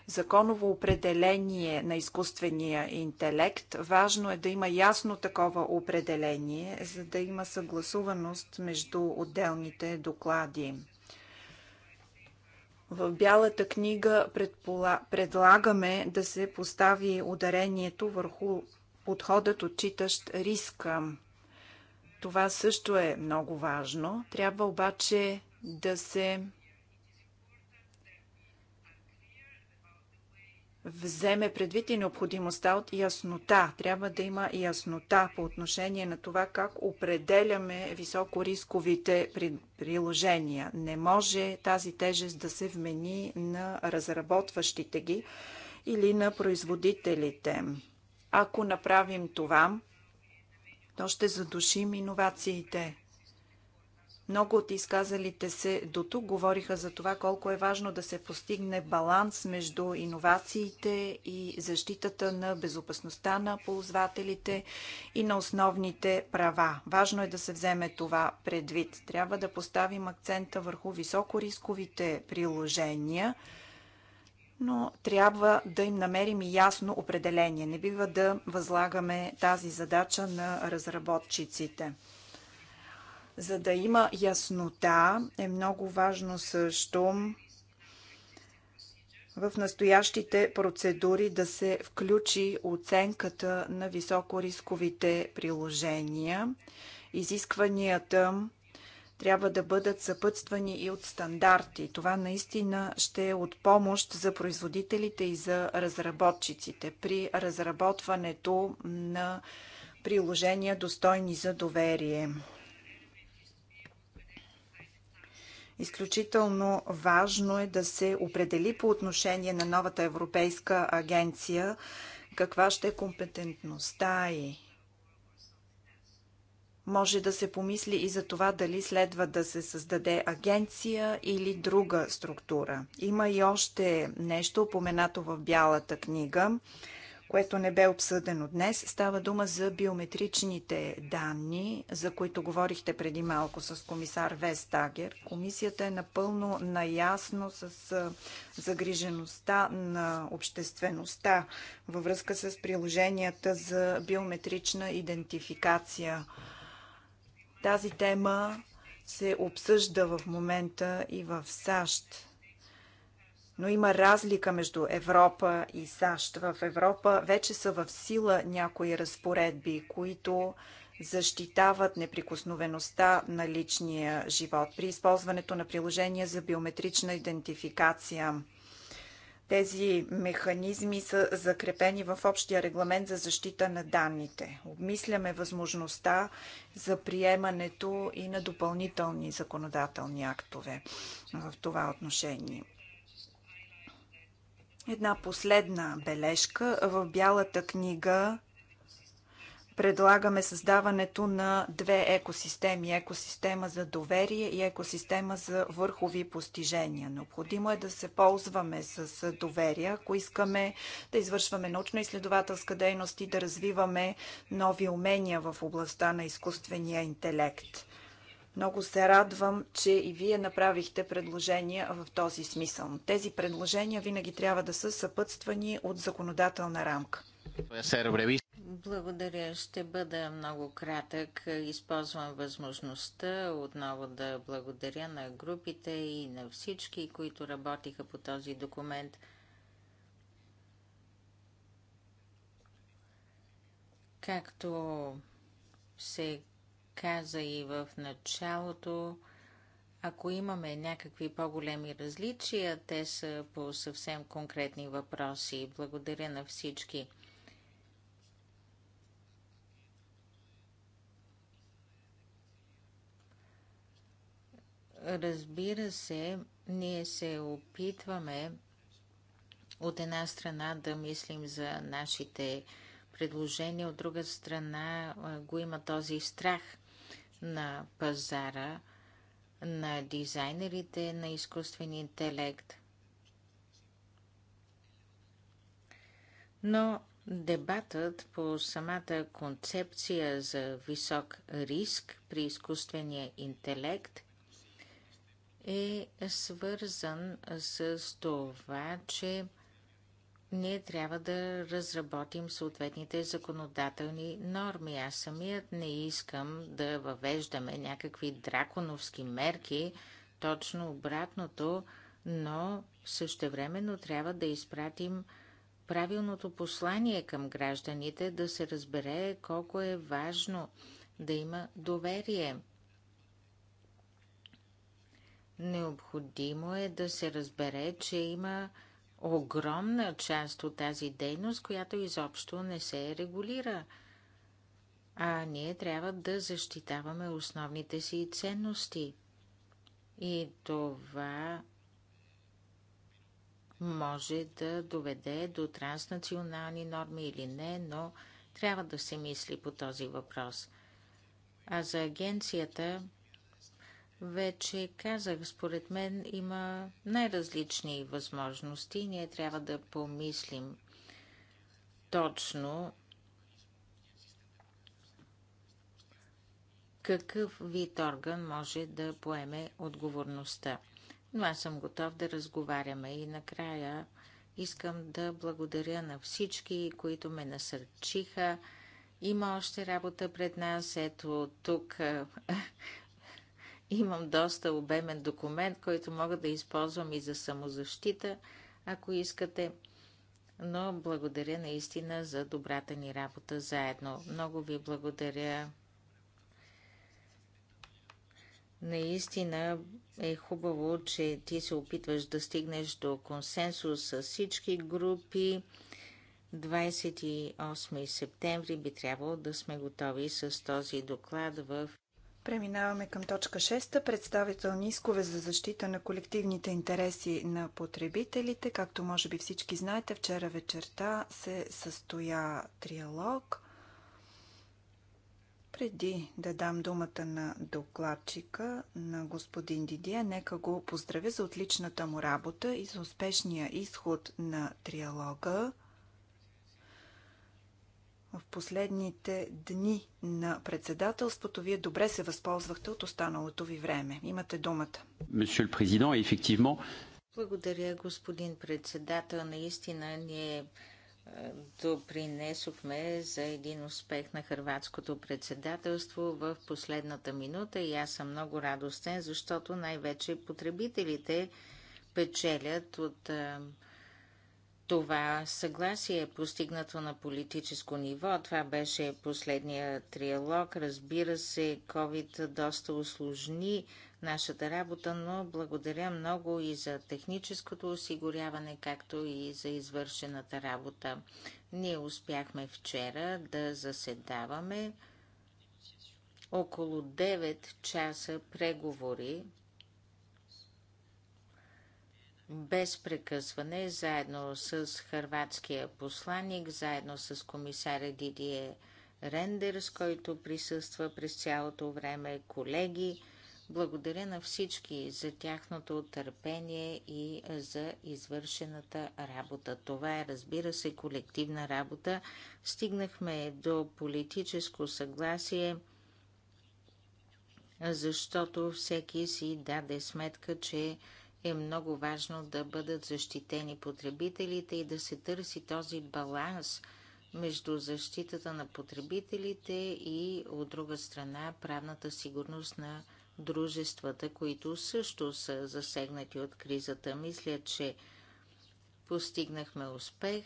законово определение на изкуствения интелект. Важно е да има ясно такова определение, за да има съгласуваност между отделните доклади. В Бялата книга предлагаме да се постави ударението върху подходът отчитащ риска. Това също е много важно. Трябва обаче да се вземе предвид и необходимостта от яснота. Трябва да има яснота по отношение на това как определяме високорисковите приложения. Не може тази тежест да се вмени на разработващите ги или на производителите. Ако направим това, то ще задушим иновациите. Много от изказалите се до тук говориха за това колко е важно да се постигне баланс между иновациите и защитата на безопасността на ползвателите и на основните права. Важно е да се вземе това предвид. Трябва да поставим акцента върху високорисковите приложения, но трябва да им намерим и ясно определение. Не бива да възлагаме тази задача на разработчиците. За да има яснота, е много важно също в настоящите процедури да се включи оценката на високорисковите приложения. Изискванията трябва да бъдат съпътствани и от стандарти. Това наистина ще е от помощ за производителите и за разработчиците при разработването на приложения достойни за доверие. Изключително важно е да се определи по отношение на новата Европейска агенция каква ще е компетентността и може да се помисли и за това дали следва да се създаде агенция или друга структура. Има и още нещо, упоменато в Бялата книга което не бе обсъдено днес. Става дума за биометричните данни, за които говорихте преди малко с комисар Вестагер. Комисията е напълно наясно с загрижеността на обществеността във връзка с приложенията за биометрична идентификация. Тази тема се обсъжда в момента и в САЩ но има разлика между Европа и САЩ. В Европа вече са в сила някои разпоредби, които защитават неприкосновеността на личния живот при използването на приложения за биометрична идентификация. Тези механизми са закрепени в общия регламент за защита на данните. Обмисляме възможността за приемането и на допълнителни законодателни актове в това отношение. Една последна бележка. В Бялата книга предлагаме създаването на две екосистеми. Екосистема за доверие и екосистема за върхови постижения. Необходимо е да се ползваме с доверие, ако искаме да извършваме научно-изследователска дейност и да развиваме нови умения в областта на изкуствения интелект. Много се радвам, че и вие направихте предложения в този смисъл. Тези предложения винаги трябва да са съпътствани от законодателна рамка. Благодаря. Ще бъда много кратък. Използвам възможността отново да благодаря на групите и на всички, които работиха по този документ. Както се каза и в началото, ако имаме някакви по-големи различия, те са по съвсем конкретни въпроси. Благодаря на всички. Разбира се, ние се опитваме от една страна да мислим за нашите предложения, от друга страна го има този страх – на пазара на дизайнерите на изкуствен интелект. Но дебатът по самата концепция за висок риск при изкуствения интелект е свързан с това, че ние трябва да разработим съответните законодателни норми. Аз самият не искам да въвеждаме някакви драконовски мерки, точно обратното, но същевременно трябва да изпратим правилното послание към гражданите, да се разбере колко е важно да има доверие. Необходимо е да се разбере, че има огромна част от тази дейност, която изобщо не се регулира. А ние трябва да защитаваме основните си ценности. И това може да доведе до транснационални норми или не, но трябва да се мисли по този въпрос. А за агенцията вече казах, според мен има най-различни възможности. Ние трябва да помислим точно какъв вид орган може да поеме отговорността. Но аз съм готов да разговаряме и накрая искам да благодаря на всички, които ме насърчиха. Има още работа пред нас. Ето тук (laughs) Имам доста обемен документ, който мога да използвам и за самозащита, ако искате. Но благодаря наистина за добрата ни работа заедно. Много ви благодаря. Наистина е хубаво, че ти се опитваш да стигнеш до консенсус с всички групи. 28 септември би трябвало да сме готови с този доклад в Преминаваме към точка 6. Представителни искове за защита на колективните интереси на потребителите. Както може би всички знаете, вчера вечерта се състоя триалог. Преди да дам думата на докладчика, на господин Дидия, нека го поздравя за отличната му работа и за успешния изход на триалога в последните дни на председателството. Вие добре се възползвахте от останалото ви време. Имате думата. президент, ефективно. Благодаря, господин председател. Наистина ние е, допринесохме за един успех на хрватското председателство в последната минута и аз съм много радостен, защото най-вече потребителите печелят от е, това съгласие е постигнато на политическо ниво. Това беше последния триалог. Разбира се, COVID доста осложни нашата работа, но благодаря много и за техническото осигуряване, както и за извършената работа. Ние успяхме вчера да заседаваме около 9 часа преговори без прекъсване, заедно с хърватския посланник, заедно с комисаря Дидие Рендерс, който присъства през цялото време, колеги. Благодаря на всички за тяхното търпение и за извършената работа. Това е, разбира се, колективна работа. Стигнахме до политическо съгласие, защото всеки си даде сметка, че е много важно да бъдат защитени потребителите и да се търси този баланс между защитата на потребителите и от друга страна правната сигурност на дружествата, които също са засегнати от кризата. Мисля, че постигнахме успех.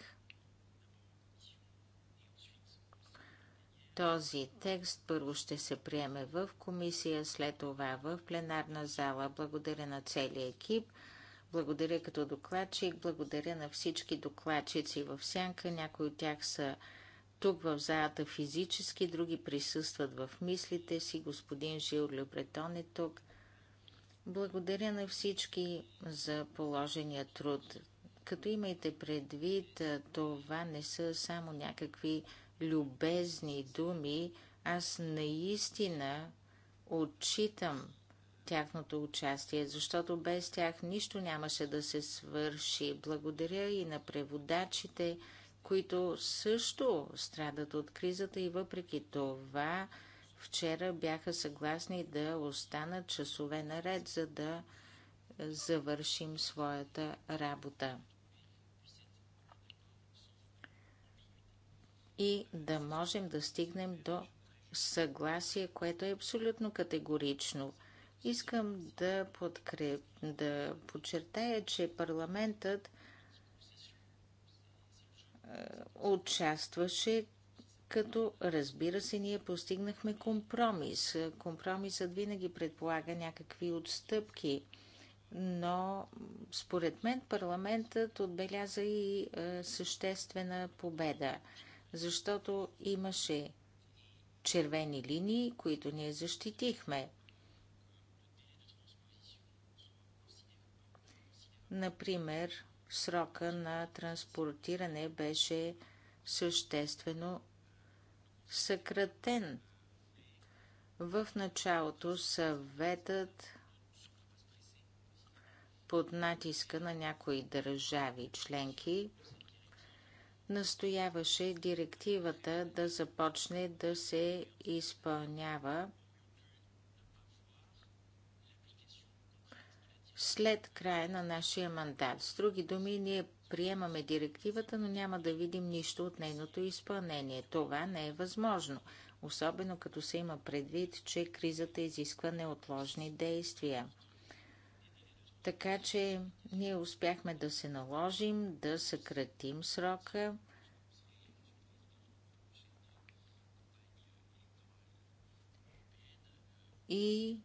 Този текст първо ще се приеме в комисия, след това в пленарна зала. Благодаря на целия екип. Благодаря като докладчик, благодаря на всички докладчици в сянка. Някои от тях са тук в залата физически, други присъстват в мислите си. Господин Жил Любретон е тук. Благодаря на всички за положения труд. Като имайте предвид, това не са само някакви любезни думи, аз наистина отчитам тяхното участие, защото без тях нищо нямаше да се свърши. Благодаря и на преводачите, които също страдат от кризата и въпреки това вчера бяха съгласни да останат часове наред, за да завършим своята работа. и да можем да стигнем до съгласие, което е абсолютно категорично. Искам да, подкреп, да подчертая, че парламентът е, участваше, като разбира се, ние постигнахме компромис. Компромисът винаги предполага някакви отстъпки, но според мен парламентът отбеляза и е, съществена победа защото имаше червени линии, които ние защитихме. Например, срока на транспортиране беше съществено съкратен. В началото съветът под натиска на някои държави членки настояваше директивата да започне да се изпълнява след края на нашия мандат. С други думи, ние приемаме директивата, но няма да видим нищо от нейното изпълнение. Това не е възможно, особено като се има предвид, че кризата изисква неотложни действия. Така че ние успяхме да се наложим, да съкратим срока. И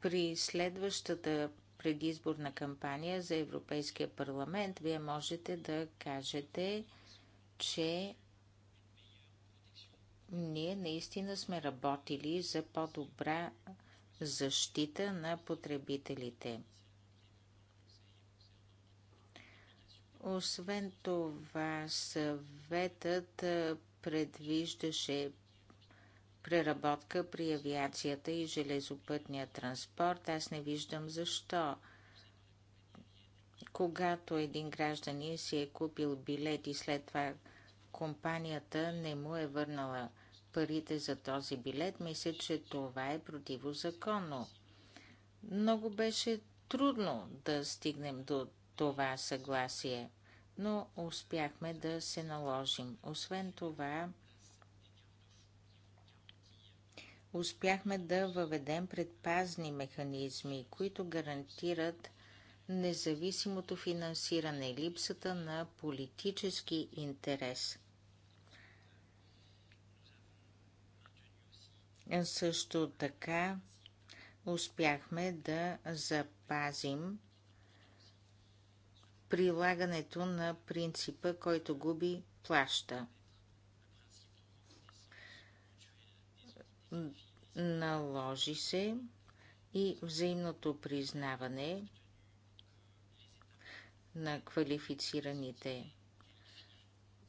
при следващата предизборна кампания за Европейския парламент, вие можете да кажете, че ние наистина сме работили за по-добра защита на потребителите. Освен това, съветът предвиждаше преработка при авиацията и железопътния транспорт. Аз не виждам защо. Когато един гражданин си е купил билет и след това компанията не му е върнала парите за този билет, мисля, че това е противозаконно. Много беше трудно да стигнем до това съгласие, но успяхме да се наложим. Освен това, успяхме да въведем предпазни механизми, които гарантират независимото финансиране, липсата на политически интерес. Също така успяхме да запазим прилагането на принципа, който губи, плаща. Наложи се и взаимното признаване на квалифицираните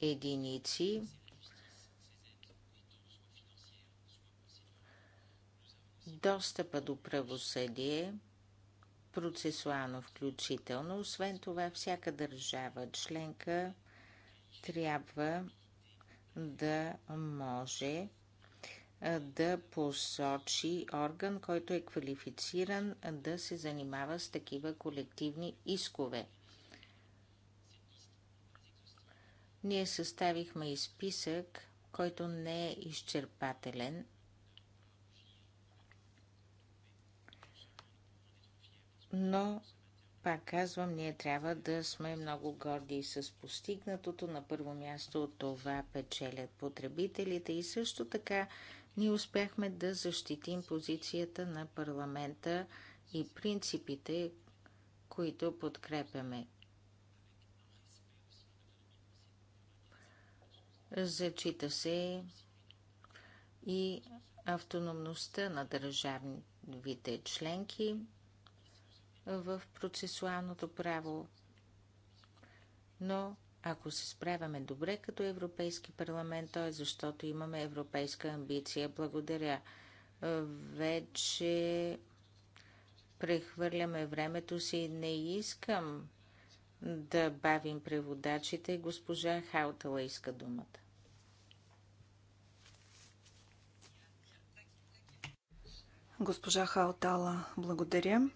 единици достъпа до правосъдие – процесуално включително. Освен това, всяка държава членка трябва да може да посочи орган, който е квалифициран да се занимава с такива колективни искове. Ние съставихме и списък, който не е изчерпателен, но пак казвам, ние трябва да сме много горди с постигнатото. На първо място от това печелят потребителите и също така ние успяхме да защитим позицията на парламента и принципите, които подкрепяме. Зачита се и автономността на държавните членки – в процесуалното право. Но ако се справяме добре като Европейски парламент, то е защото имаме европейска амбиция. Благодаря. Вече прехвърляме времето си. Не искам да бавим преводачите. Госпожа Хаутала иска думата. Госпожа Хаутала, благодаря.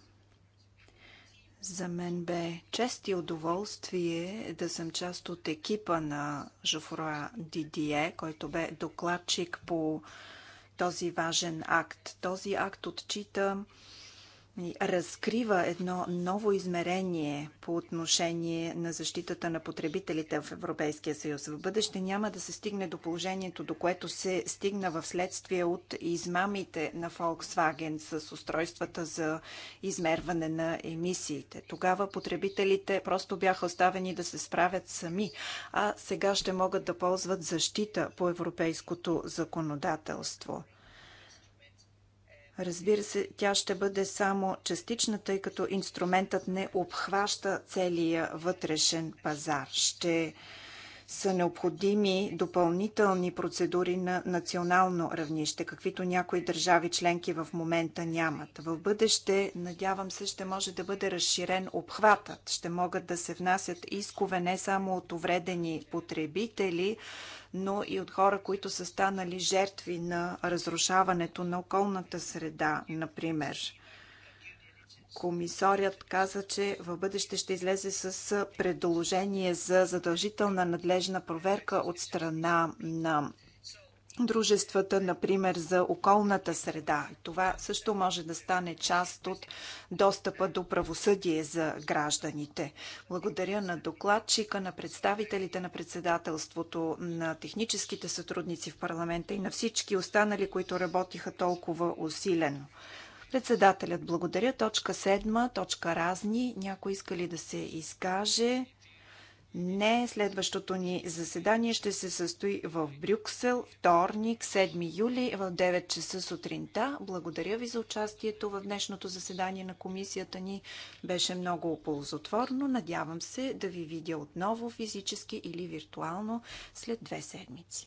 За мен бе чест и удоволствие да съм част от екипа на Жофруа Дидие, който бе докладчик по този важен акт. Този акт отчита разкрива едно ново измерение по отношение на защитата на потребителите в Европейския съюз. В бъдеще няма да се стигне до положението, до което се стигна в следствие от измамите на Volkswagen с устройствата за измерване на емисиите. Тогава потребителите просто бяха оставени да се справят сами, а сега ще могат да ползват защита по европейското законодателство. Разбира се, тя ще бъде само частична, тъй като инструментът не обхваща целия вътрешен пазар. Ще са необходими допълнителни процедури на национално равнище, каквито някои държави членки в момента нямат. В бъдеще, надявам се, ще може да бъде разширен обхватът. Ще могат да се внасят искове не само от увредени потребители, но и от хора, които са станали жертви на разрушаването на околната среда, например. Комисорият каза, че в бъдеще ще излезе с предложение за задължителна надлежна проверка от страна на дружествата, например, за околната среда. Това също може да стане част от достъпа до правосъдие за гражданите. Благодаря на докладчика, на представителите на председателството, на техническите сътрудници в парламента и на всички останали, които работиха толкова усилено. Председателят благодаря. Точка 7, точка разни. Някой иска ли да се изкаже? Не, следващото ни заседание ще се състои в Брюксел, вторник, 7 юли, в 9 часа сутринта. Благодаря ви за участието в днешното заседание на комисията ни. Беше много ползотворно. Надявам се да ви видя отново физически или виртуално след две седмици.